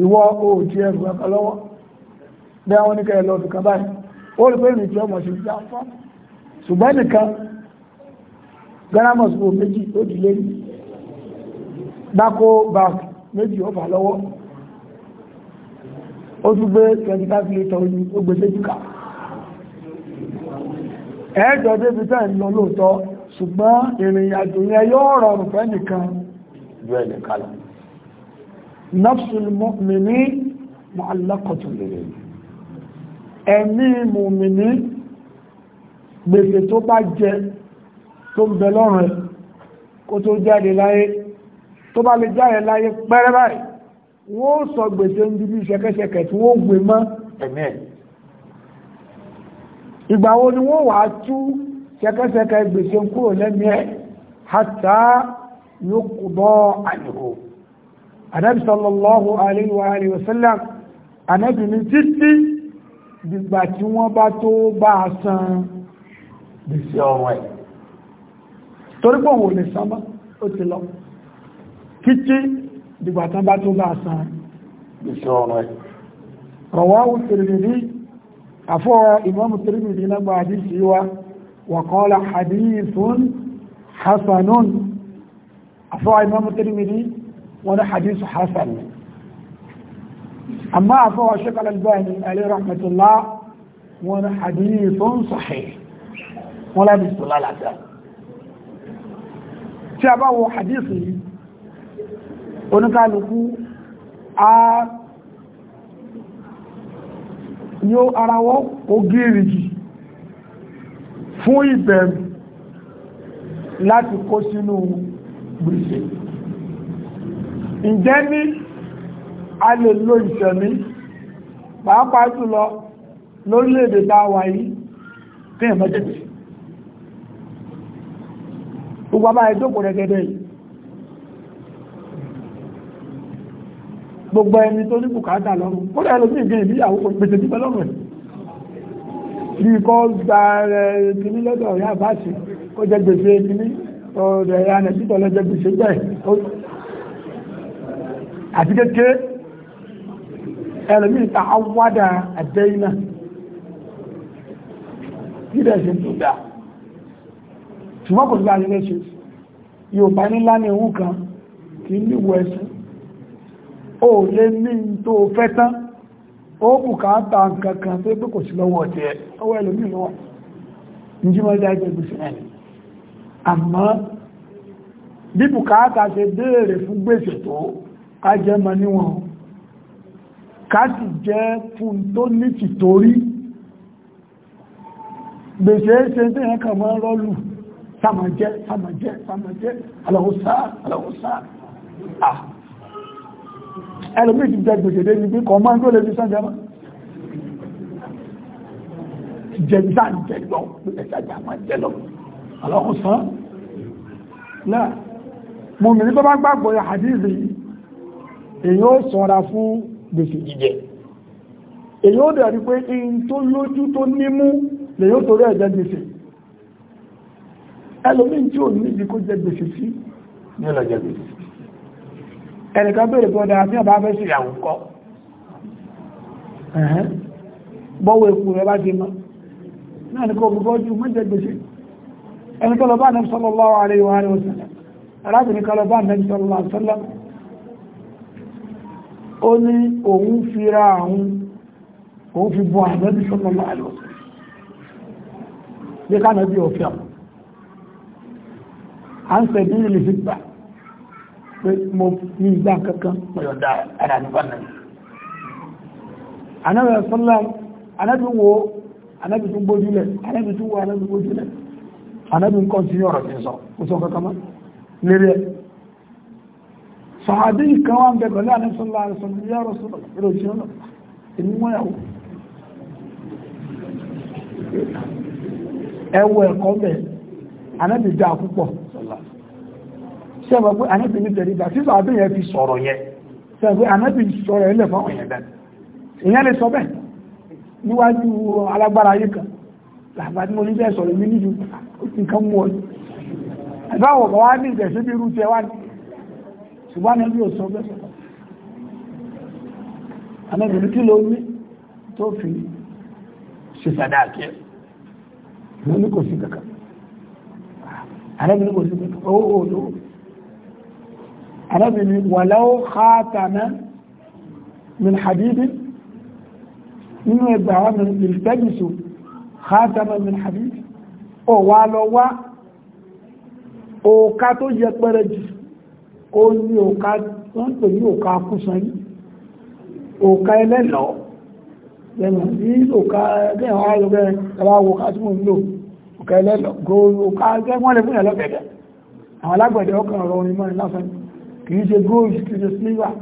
ìwọ òòtí ẹ̀rù ẹ̀kọ́ lọ́wọ́ bí àwọn oníkẹ́ ẹ̀lọ́ ọ̀fìkan báyìí ó rí pé ìrìn tí ọmọ sí ìjà fọ́ ṣùgbọ́n nìkan gánàmọ̀sùn méjì ó dìlé dákó bá méjì ó fà lọ́wọ́ ó tún gbé 25 litre omi ó gbé séjìká ẹ̀ẹ́jọ́ débi tẹ́ ń lọ lóòótọ́ ṣùgbọ́n ìrìn àjò yẹn yóò rọrùn fẹ́ nìkan ju ẹnìkan lọ nafsul mu'mini ẹ̀mí mu'mini gbèsè tó bá jẹ tó bẹ lọ́rùn kó tó jáde láyé tó bá lè jáde láyé pẹ́rẹ́ báyìí wọ́n sọ gbèsè ń di bí ṣẹ̀kẹ̀ṣẹ̀kẹ̀ tí wọ́n gbé mọ́ ẹ̀mí ẹ̀ ìgbà wo ni wọ́n wà á tú ṣẹ̀kẹ̀ṣẹ̀kẹ̀ gbèsè kúrò lẹ́mí ẹ̀ hátà yóò kú bọ́ àyẹ̀wò anabi sallallahu dìgbà tán bá tó bá san ìṣẹ́ ọ̀rọ̀ ẹ̀ rọ̀wọ́ tìrìmìdì àfọ́ ìmọ́mù tìrìmìdì lágbà àdíṣì wa wàkọ́lá hadithun hasanun àfọ́ ìmọ́mù tìrìmìdì wọ́n ní hadithu hasan amma àfọ́ Shaykh al-Albani alayhi rahmatullah wọ́n ní hadithun sahih oníkálukú a yóò ara wọ́n ó gírígì fún ìbẹ̀rù láti kó sínú gbèsè ǹjẹ́ ní a lè lo ìṣẹ̀mí pàápàá jùlọ lórílẹ̀-èdè dáwà yìí tí ẹ̀mọ́jẹ̀bẹ̀ gbogbo àbáyé jókòó rẹ̀ gẹ́gẹ́ yìí gbogbo ẹni tó ní bùkátà lọ́rùn kó lẹ́yìn lómi ìgbé ìbí àwọn pèsè dípẹ́ lọ́rùn ẹ̀ bí kọ́ gba ẹ̀ kìíní lọ́dọ̀ ọ̀yá àbáṣe kó jẹ gbèsè kìíní ọ̀rọ̀ ẹ̀yà nàìjíríà lọ́jẹ gbèsè gbẹ̀ àti kékeré ẹlòmí ta awádà àdẹ́yìnà kílẹ̀ ṣe tó dáa ṣùgbọ́n kò ó lè ní tó fẹ́ tán ó bùkátà kankan tó pé kò sí lọ́wọ́ ọ̀tẹ́ ọwọ́ ẹlòmí lọ́wọ́ ìjímọ́já ìgbẹ̀gbẹ̀sẹ̀ ẹni àmọ́ bí bùkátà ṣe béèrè fún gbèsè tó ká jẹ́ mọ níwọ̀n ká sì jẹ́ fún tó ní tìtorí gbèsè ẹlòmí ti jẹ gbèsè dé níbi kan máa ń tó lè fi sán jẹmọ́ jẹ̀dá jẹ̀lọ ẹ̀sàjà máa jẹ̀lọ aláwọ̀ sán náà mo mìí tó bá gbàgbọ́ àdíìsì èyí ó sọ́ra fún gbèsè jíjẹ èyí ó dẹ̀ rí pé in tó lójú tó nímú lè yóò torí ẹ̀jẹ̀ gbèsè ẹlòmí tí ò ní ibi kó jẹ gbèsè sí ní ọlọ́jẹ gbèsè ẹnìkan bèèrè pé ọdá tí ọba fẹ́ sí ìyàwó kọ́ bọ́wọ́ ikú rẹ̀ bá ti mọ́ náà ní kò gbogbo jù mọ́ jẹ́ gbèsè ẹni kọ́ lọ bá nẹ́bí sallallahu alaihi wa alihi wasallam arábìnrin kọ́ lọ bá nẹ́bí sallallahu alaihi wasallam ní òun fi pé mo ní ìgbà kankan pẹ̀lọ̀dá ara nípa náà anábi ọ̀sánlá anábi wo anábi tún gbójúlẹ̀ anábi tún wo anábi gbójúlẹ̀ anábi ń kọ́ntínú ọ̀rọ̀ tí sọ kò sọ kankan mọ́ lérí ẹ̀ sọ̀hádé ìkan wá ń bẹ̀ pẹ̀lú anábi sọ́lá àrẹsọ̀lá yàrá sọ́lá ìròjì ọ̀nà èmi wọ́n yàwó ẹwọ ẹ̀kọ́ bẹ̀ anábi dáa púpọ̀ sẹ́wọ̀ pé anábì ní tẹ̀lé ìgbà sísọ àbí fi sọ̀rọ̀ yẹn sẹ́wọ̀ anábì sọ̀rọ̀ yẹn lè fọ́ ọ̀yẹn bẹ́ẹ̀ lè sọ bẹ́ẹ̀ níwájú alágbára ayé kan làbá ní bẹ́ẹ̀ sọ̀rọ̀ mi níjú nǹkan mú ọ ẹ̀báwọ̀ kò sí kankan anábì ní arábìnrin wàláwó khatana min hadidi nínú ẹgbà wa min ìltẹ́gìsù khatana min hadidi ó wá lọ wá òka tó yẹ pẹrẹ jù ó ní òka wọ́n pè ní òka kúsan yìí òka ẹlẹ́lọ́ọ̀ lẹ́mọ̀ ní òká ẹgbẹ̀rún ayọ́gbẹ́ ẹwàwò kásímò ń lò òká ẹlẹ́lọ góòrò òká ẹgbẹ́ wọ́n lè fún ẹ̀lọ́gbẹ̀dẹ̀ àwọn alágbẹ̀dẹ̀ ọkàn ọ̀rọ̀ orin mọ́rin lásán kìí ṣe gold kìí ṣe silver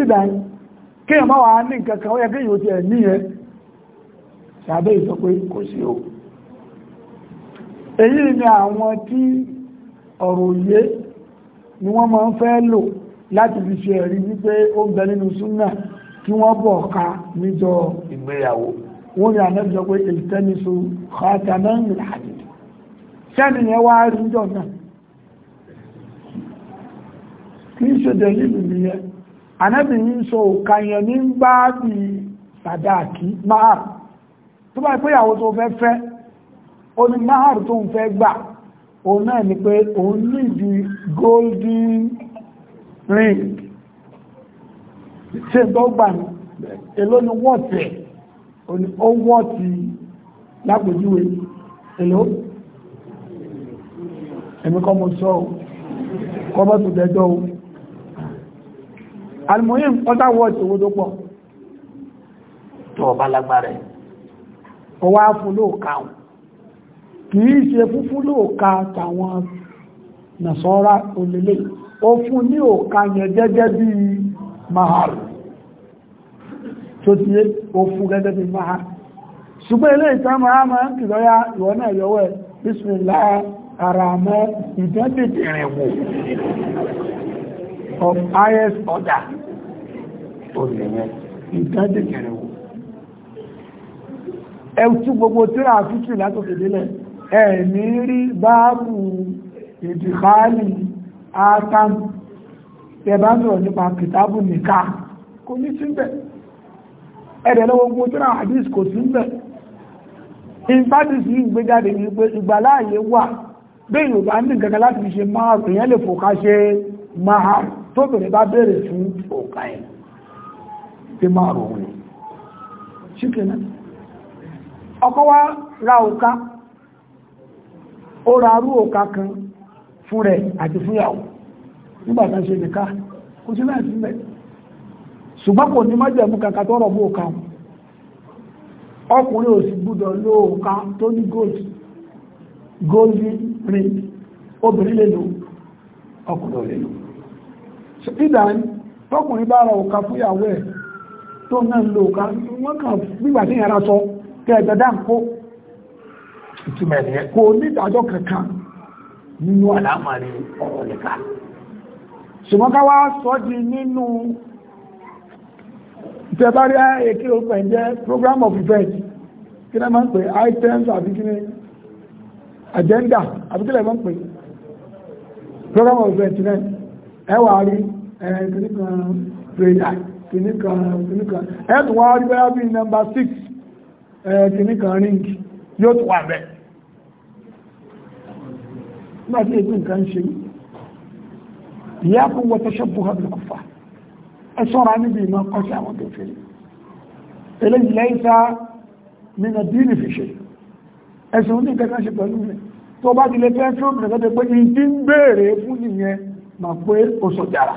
ìgbà kíyàn máa wà ní nǹkankan ó yẹ kíyàn ó ti ẹ̀ ní ẹ ṣàbẹ́ ìsọ kò sí o èyí ni àwọn tí ọ̀rọ̀ òye ni wọ́n máa ń fẹ́ lò láti fi ṣe ẹ̀rí wípé ó ń bẹ nínú súnà kí wọ́n bọ̀ ká níjọ ìgbéyàwó wọ́n ní àmẹ́jọ pé ìtẹ́nisu khataman min hadid sẹ́ni yẹn wá rí níjọ náà dẹ̀lìlù nìyẹn anábì sọ òkà ní ń bá bí sàdáàkì máàr tó bá pé ìyàwó tó fẹ́ fẹ́ ó ní máàr tó ń fẹ́ gbà òun náà ni pé golden ring ṣe tó gbà ní èló ni wọ́ọ̀tì ó wọ́ọ̀tì lápòjúwe o. almohim ọ̀tá wọ́ọ̀tì owó tó pọ̀ tó ọba lágbára ẹ̀ ọwá fún lóòka wọn kìí ṣe fúnfún lóòka tàwọn nàṣọ́rá olèlé ó fún ní òka yẹn gẹ́gẹ́ bí mahar tó ti yé ó fún gẹ́gẹ́ bí mahar ṣùgbọ́n ilé ìtàmà àmà ń kìlọ́ ya ìwọ náà yọwọ́ ẹ̀ bismillah ara mọ́ ìdẹ́bìtì rẹ̀ wò of highest order orí ẹ̀yẹn ìdádẹ́kẹ̀rẹ̀ wò ẹ̀tú gbogbo tíra àtútù látòkèdélẹ̀ ẹ̀ẹ̀mí rí báàbù ìdìkáàlì ákàm ẹ̀bá sọ̀rọ̀ nípa kìtàbù nìka kò ní síbẹ̀ ẹ̀rẹ̀ lọ́wọ́ gbogbo tíra àdís kò síbẹ̀ ìbádìsí ìgbéjáde ní pé ìgbàláàyè wà bẹ́ẹ̀ yóò bá ní gẹ́gẹ́ láti fi tó bẹ̀rẹ̀ bá bẹ̀rẹ̀ fún fòkà yẹn pé maara onwe rẹ̀ ra ụka ó ra kan fún àti nígbàtà ṣe dị kò sí láì sílẹ̀ ṣùgbọ́n kò ní májẹ̀mú kankan tó rọ̀ ụka òka ọkùnrin ò gbúdọ̀ ló òka tó ní gold golden ring obìnrin lè lò ọkùnrin lè lò tọkùnrin bá ra ẹ̀ tó náà lò wọ́n kàn nígbà tí sọ kẹ́ẹ̀dẹ̀dá ń kó kò nídàájọ́ kankan nínú àlámàrí ọ̀rọ̀ nìka ṣùgbọ́n sọ di nínú ìtẹ́bárí open jẹ́ program of event kí ń pè items agenda àti kí ń pè program of event náà ẹwà rí kìníkan kìníkan ẹ̀ẹ́dù wá rí bẹ́yà bí nọmbà 6 kìníkan ring yóò tó wà bẹ́ẹ̀ nígbà tí ètò nǹkan ṣe ìyá kún wọ́tọ́ ṣọ́bù ọ̀bìnkúfà ẹ ṣọ́ra níbi ìmọ̀ kọ́sí àwọn tó fèrè eléyìí lẹ́yìn sá nínú dínì fi ṣe ẹ̀sùn ní kankan ṣe pẹ̀lú rẹ̀ tó bá ti lè fún ọ̀bìnkúfà pé ní ń béèrè fún nìyẹn mà pé ó sọ jára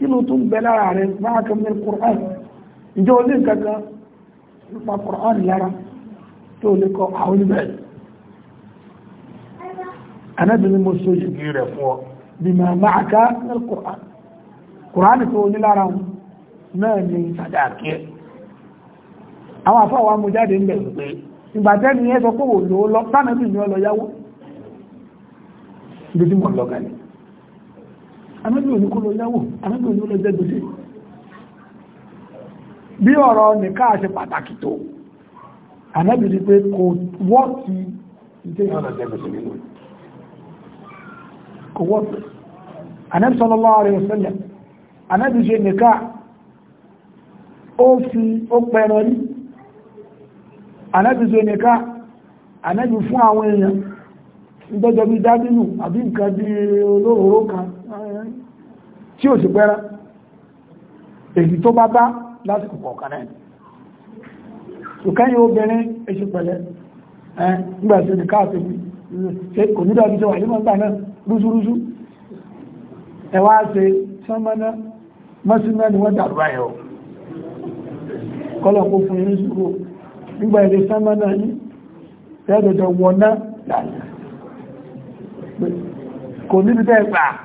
kí ló tún bẹ lára rẹ̀ máa kẹ́ mi Qur'an ǹjẹ́ o ní kankan nípa Qur'an lára tó lè kọ àwọn oníbẹ̀ anábìnrin mo so yìí rẹ̀ fún ọ bí máa máa ká ní Qur'an Qur'an tó ní lára wọn náà ní sàdáàkì ẹ̀ àwọn àfáwà mú jáde ń bẹ̀rù pé ìgbàtẹ́ni ẹ sọ pé òun lò lọ tánàbì ni ọ yáwó ibi tí mo anábì òní kó lọ yáwó anábì òní lọ jẹ́ gbèsè bí ọ̀rọ̀ nìka ṣe pàtàkì tó anábì pé kò wọ́ọ̀tì ìtẹ́yìn ọ̀rọ̀ jẹ́ gbèsè nínú kò wọ́ọ̀tì anábì sallallahu alaihi wasallam anábì ṣe nìka ó fi ó pẹran rí anábì ṣe nìka tí ò sí pẹ́rá èyí tó bá bá lásìkò kọ̀ọ̀kan náà ìkẹ́yìn obìnrin èṣù pẹ̀lẹ́ ẹ̀ nígbàtí ní káàkiri ṣe kò ní dájú wà nígbà gbà náà rúsúrúsú ẹwà ṣe sánmọ́ná mọ́síná ni wọ́n dàrú ayọ̀ kọ́lọ̀ kó fún irin ṣúgbò nígbà ilé sánmọ́ná yìí tẹ́ẹ̀dọ̀dọ̀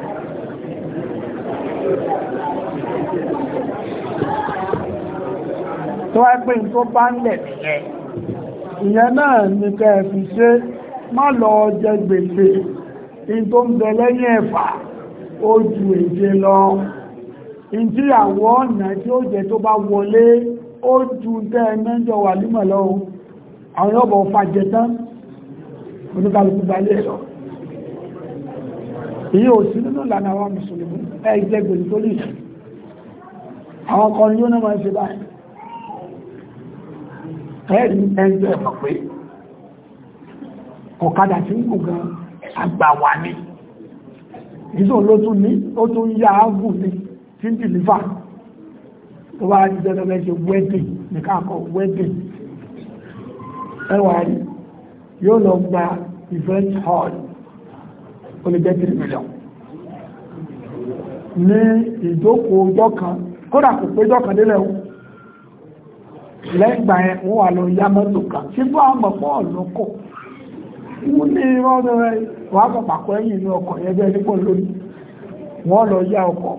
tó wá pé tó bá ń lẹ̀ nìyẹn ìyẹn náà ní kẹ́ ẹ fi ṣe má lọ jẹ gbèsè in tó ń bẹ lẹ́yìn ẹ̀fà ó ju èje lọ in tí àwọ̀ ọ̀nà tí ó jẹ tó bá wọlé ó ju tẹ́ ẹ wà límọ̀ lọ́wọ́ àwọn yọ́bọ̀ fàjẹ oníkàlùkù balẹ̀ lọ èyí ò sí nínú ìlànà àwọn mùsùlùmí ẹ gbèsè tó lè àwọn kan yóò náà máa ṣe báyìí ẹ̀rí ẹgbẹ́ ẹ̀mọ̀ pé tí ń kù gan àgbà ní ìṣò ló tún ní ó tún yá ní tí ń dìlífà tó bá ti jẹ́ wedding kọ wedding ẹwà rí yóò lọ gba event hall ó 3 million ní ìdókòó ọjọ́ o lẹ́gbà ẹ̀ wọ́n wà lọ yá mọ́tò kan tí bọ́ àmọ̀ ní rọ́rọ̀ rẹ̀ wà bọ̀ ẹ̀yìn ní ọkọ̀ yẹn bẹ́ẹ̀ nípò lónìí wọ́n lọ yá ọkọ̀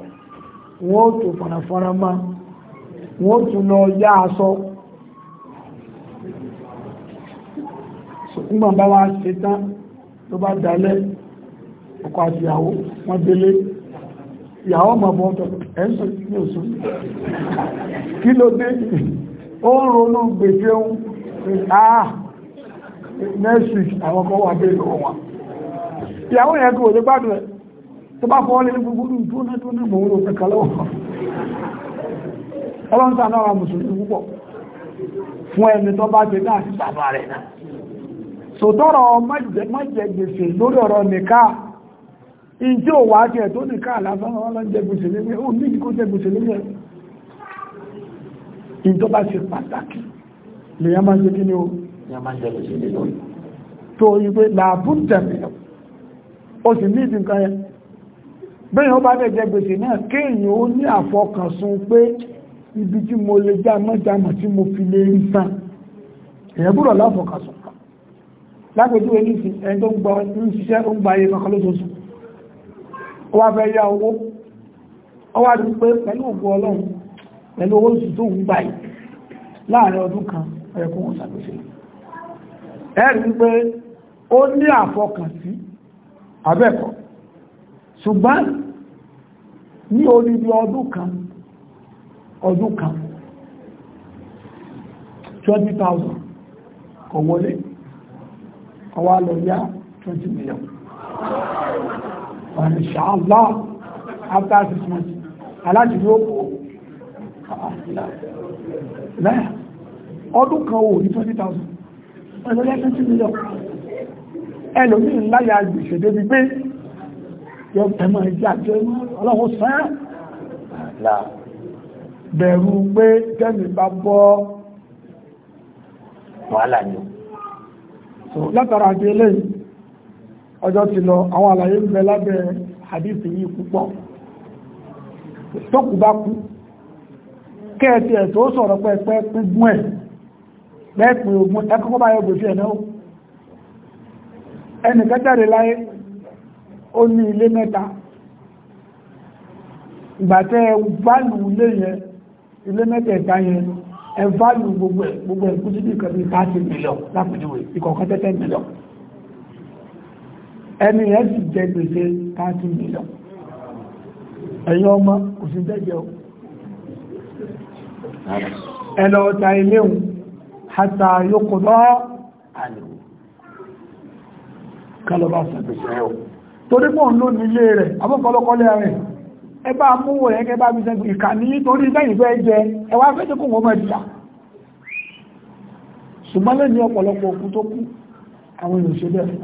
wọ́n wọ́n tún lọ yá ọkọ àti ìyàwó wọ́n délé ìyàwó mọ̀ bọ́ ọ̀tọ̀ o ń ronú gbèsè ohun ah next week àwọn kan wà bẹ́ẹ̀ lọ́wọ́ wọn ìyàwó yẹn kò lè gbádùn ẹ̀ tó bá fọ́ gbogbo ní tó náà tó náà mọ̀ oòrùn kẹkà lọ́wọ́ ọlọ́run tàn náà mùsùlùmí púpọ̀ fún ẹni tó bá ìjọba ṣe pàtàkì lè yá máa jẹ́ kí ní o yá máa jẹ́ lóṣè lè lórí tó ìgbé làbún tẹ̀mẹ̀ ó sì ní ìdínkà yẹn bẹ́yìn ó bá dẹ̀ jẹ gbèsè náà kéèyàn ó ní àfọkànsùn pé ibi tí mo lè já mọ́jàmọ̀ tí mo fi lè rí sàn èèyàn gbúdọ̀ láfọkànsùn lápẹjúwe ní sí ẹni ń gba ayé kankan lóṣooṣù ó fẹ́ yá owó ó wá pé pẹ̀lú ògbó ọlọ́run pẹ̀lú owó oṣù tó ń gbà yìí láàrin ọdún kan ẹ̀kún wọn ṣàgbéṣe ẹ̀rí wípé ó ní àfọkànsí abẹ́kọ̀ ṣùgbọ́n ní odidi ọdún kan ọdún kan 20,000 kò wọlé ó wá lọ yá 20 million and inshallah after six months alájìlókò náà ọdún kan ò ní 20,000 ẹlọ́lẹ́ 20 million ẹlòmí ńláyà gbèsè débi pé yọ tẹ̀mọ̀ ìjẹ́ àjẹ́ ọlọ́wọ́ sáà bẹ̀rù pé tẹ́mì bá bọ́ ọjọ́ ti lọ àwọn àlàyé ń bẹ lábẹ́ yìí bá kú kẹ́ẹ̀tì ẹ̀ tó sọ̀rọ̀ pẹ́ẹ̀pẹ́ gún ẹ̀ lẹ́ẹ̀pẹ̀ ogun ẹkọ́kọ́ bá yóò gbèsè ẹ̀nà ẹni kẹjáde láyé ó ní ilé mẹ́ta ìgbàtẹ́ válù ilé yẹn ilé mẹ́tẹ̀ẹ̀ta yẹn ẹ válù gbogbo ẹ̀ gbogbo ẹ̀ kúrò sí ìkẹ̀bí 30 million lápùjúwé ìkọ̀ọ̀kan tẹ́tẹ́ million ẹni ẹ̀ sì jẹ gbèsè 30 million ẹ̀yọ́ ọmọ kò sí jẹ́jẹ́ o ẹlọ ọ̀tà iléhùn hàtà yóò lọ́ àlèwò kálọ́bà sàbẹ̀sẹ̀ ẹ̀ torí pọ̀ ń lò nílé rẹ̀ abọ́kọlọ́kọlẹ́ rẹ̀ ẹbá múwò ẹgẹ́ bá bí sẹ́gbẹ̀ ìkà ní torí lẹ́yìn fẹ́ jẹ ẹwà fẹ́ tó kún wọ́n mọ̀ ìjà ṣùgbọ́n lẹ́ni ọ̀pọ̀lọpọ̀ òkú tó kú àwọn èèyàn ṣe bẹ́ẹ̀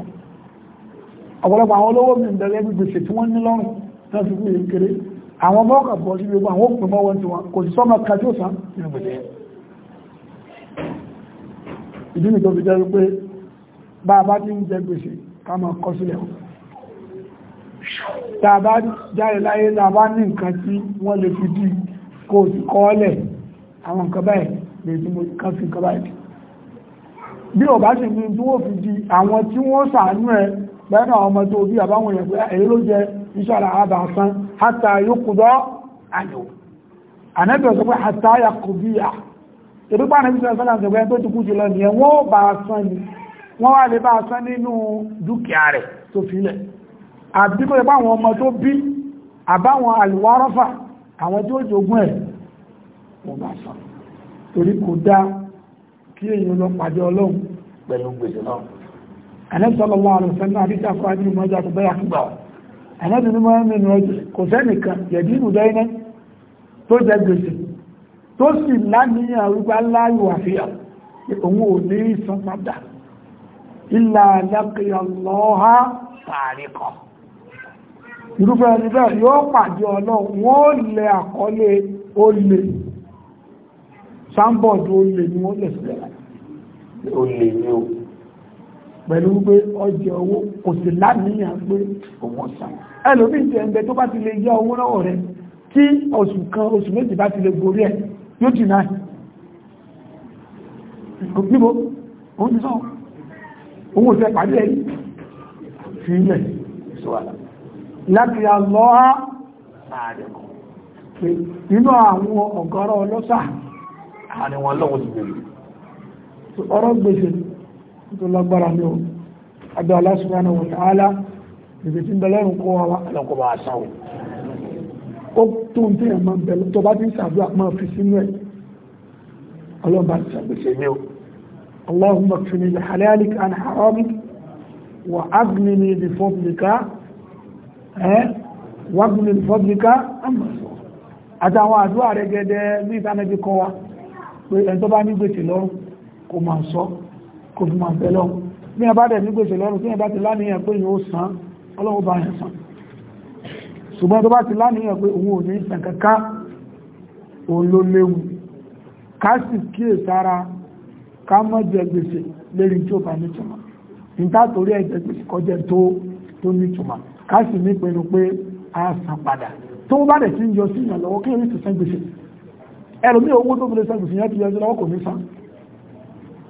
ọ̀pọ̀lọpọ̀ àwọn olówó mi ń bẹ̀rẹ̀ gbèsè tí wọ́n ní lọ́rùn náà fi kú èkéré e àwọn ọmọ ọkà bọ̀ sílé ogun àwọn òpin mọ́ wọn tí wọn kò sí sọ́mọ kájú òsán nínú gbèsè ìdí nìkan fi jẹ́ wípé bá a bá ti ń jẹ gbèsè ká máa kọ sílẹ̀ o tá a bá jáde láyé tá a bá ní bẹ́ẹ̀ náà ọmọ tó bí àbáwọn èèyàn pé ah, èyí ló jẹ́ inshallah àbà san hátà yókùdọ́ àyò ànábì sọ pé hátà yàkùbíyà ìrúgbà ànábì sọ́lá sọ pé tó ti kú jùlọ nìyẹn wọ́n bá san ni wọ́n wá lè bá san nínú dúkìá rẹ̀ tó filẹ̀ àbí kó ipá àwọn ọmọ tó bí àbáwọn àlùwárọ́fà àwọn tí ó jogún ẹ̀ wọ́n bá san torí kò náà ànábì sọ́lá wà lọ tó bẹ́yà fúgbà ọ̀ anábì ní máa ń mìíràn ọjọ́ kò sẹ́nìkan yẹ̀dínú dẹ́nà tó jẹ gbèsè tó sì láníyàn wípé aláyò àfihàn òun ò ní san padà ilà alákìyà lọ́ha tààrí kan irúfẹ́ ẹni bẹ́ẹ̀ yóò pàdé ọlọ́run wọ́n lẹ àkọlé olè sáńbọ̀dù olè ni wọ́n lẹ̀ sílẹ̀ olè ni ó pẹ̀lú pé ọjọ́ owó kò sí láníyàn pé òun ọ̀sán ẹlòmí ti ẹgbẹ́ tó bá ti lè yá owó lọ́wọ́ rẹ̀ tí oṣù kan oṣù méjì bá ti lè gorí ẹ̀ yóò dì náà níbo òun ti sọ òun ò pàdé ẹ̀ fi ilẹ̀ ìṣòwàlá láti tó lágbára ní o adọ́ Allah subhanahu wa ta'ala ìgbè tí ń bẹ̀lẹ́rùn kó wa alákọ̀ọ́bà àṣà o ó tó ń tẹ̀yà máa bẹ̀rẹ̀ tó bá ti ń sàdúrà máa fi sínú ẹ̀ ọlọ́ba ti sàgbèsè ní o Allahumma kfini bi halalika an haramika wa aghnini bi fadlika ẹ́ wàgbìnì fọ́bíká àtàwọn àdúrà rẹ̀ gẹ́gẹ́ ní ìtànẹ́bí kọ́ wa pé ẹ̀ tó bá ní gbèsè lọ́rùn kò máa sọ kò fi máa bẹ̀lọ́ bí a bá dẹ̀ ní gbèsè lọ́rùn tí a bá ti láníyàn pé yóò san ọlọ́wọ́ bá yẹn ṣùgbọ́n tó bá ti láníyàn pé òun ò ní kankan ká sì sára ká gbèsè lérí tí ó bá níta torí ẹ̀jẹ̀ gbèsè tó a padà tó bá dẹ̀ ti ń yọ sí kí ẹ̀rí gbèsè owó tó fi lè gbèsè yẹn ti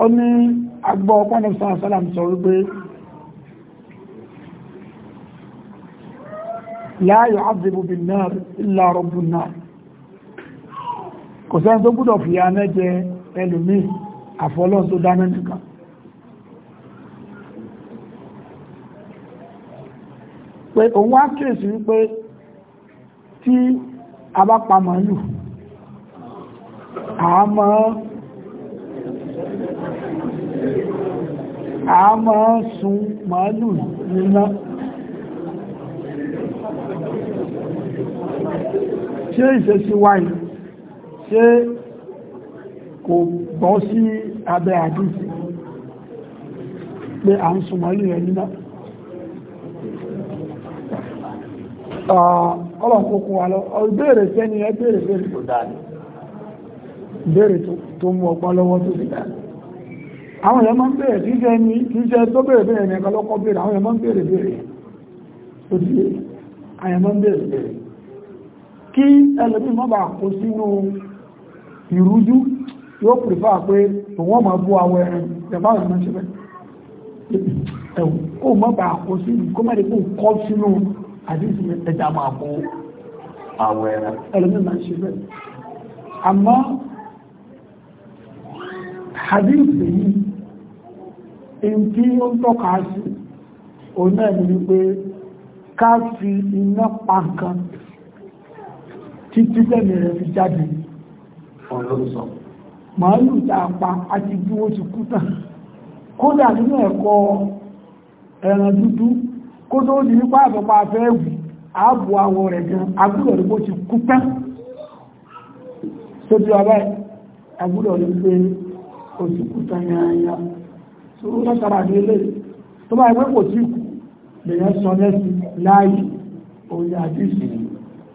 ó ní agbọ́ pánẹ́sàn sálàm sọ wípé láàyò ábìbùbì náà illa rabbun náà kò sẹ́ni tó gbúdọ̀ fi àánẹ́ jẹ ẹlùmí àfọlọ́n tó dáná nìkan pé òun á kíyèsí wípé tí a bá pa màálù àmọ́ a máa sun màálù níná ṣé ìṣesí wáyé ṣe kò bọ́ sí abẹ́ àdúsí pé a ń sun màálù yẹn níná ọlọ́nkókún wa lọ ìbéèrè sẹ́ni ẹ béèrè béèrè tó dáa tó mú tó fi àwọn èèyàn máa ń bèèrè kí jẹ́ ní kí jẹ́ tó bèèrè bèèrè ní ẹ̀kọ́lọ́kọ́ bèèrè àwọn èèyàn máa ń bèèrè bèèrè tó ti àyàn máa ń bèèrè bèèrè kí ẹlòmí má bàa kó sínú ìrújú yóò pèfà pé òun ọmọ bú àwọn ẹran ẹ̀fà àwọn ọmọ ṣẹlẹ̀ ẹ̀wù kó má bàa kó sínú kó má dé kó kọ́ sínú àdísì ẹja máa bú hadith yìí tí ó tọ́ka sí o náà ni wípé ká fi iná pa nǹkan títí tẹ́lẹ̀ rẹ̀ fi jáde ọ̀lọ́sọ̀ màálù tá a pa àti bí wọ́n ti kú tán kódà nínú ẹ̀kọ́ ẹran dúdú kó tó nípa afẹ́ ẹ̀wù ààbò rẹ̀ gan agbúrò ti kú tó lọ́tara ní ilé tó bá ẹgbẹ́ kò tí kù lèyàn sọ lẹ́sí láàyè orí àdìsí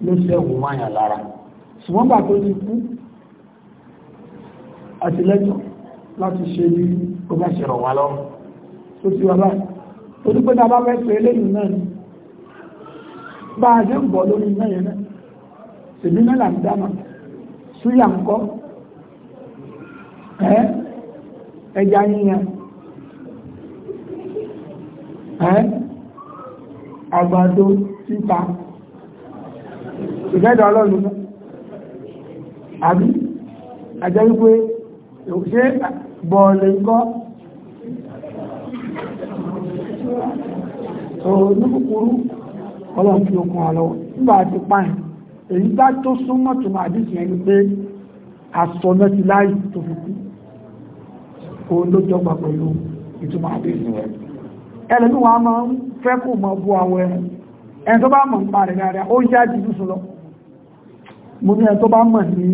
ló sẹ́wọ̀n wáyà lára ṣùgbọ́n gbà tó ti kú àti lẹ́tọ̀ láti ṣe ní tó bá ṣe rọ̀ wá tó ti wá báyìí tó ní pé ta bá fẹ́ pé náà ni bá a jẹ́ ń bọ̀ lórí náà yẹn náà tèmi náà là ń súyà ń kọ́ ẹ ẹja yíyan àgbàdo títa ìfẹ́dà ọlọ́run náà àbí àjẹ́ wípé ṣe bọ̀ọ̀lẹ̀ ńkọ́ ọ̀rọ̀ ní kúkúrú ọlọ́run kí okun ọlọ́wọ́ nígbà àti páyìn èyí bá tó súnmọ́ tó máa dìsì ẹni pé aṣọ ti láì tó fi ẹlẹ́nu wa máa ń fẹ́ kò mọ̀ bú àwọ̀ ẹ̀rùn ẹni tó bá mọ̀ nípa rẹ̀ dáadáa ó yá jù lùsù lọ mo ní ẹni tó bá mọ̀ ní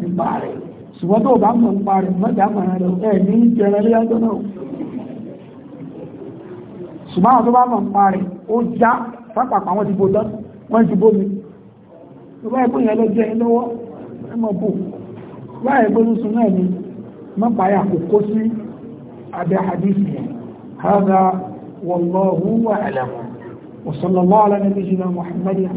nípa rẹ̀ ṣùgbọ́n tó bá mọ̀ nípa rẹ̀ mọ́jà mọ̀ rẹ̀ ẹ̀ ní ni mọ́pàá yà kò kó sí والله أعلم وصلى الله على نبينا محمد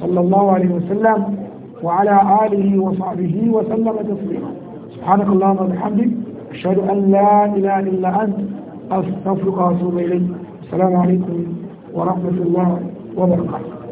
صلى الله عليه وسلم وعلى آله وصحبه وسلم تسليما سبحانك اللهم وبحمدك أشهد أن لا إله إلا أنت أستغفرك وأتوب إليك السلام عليكم ورحمة الله وبركاته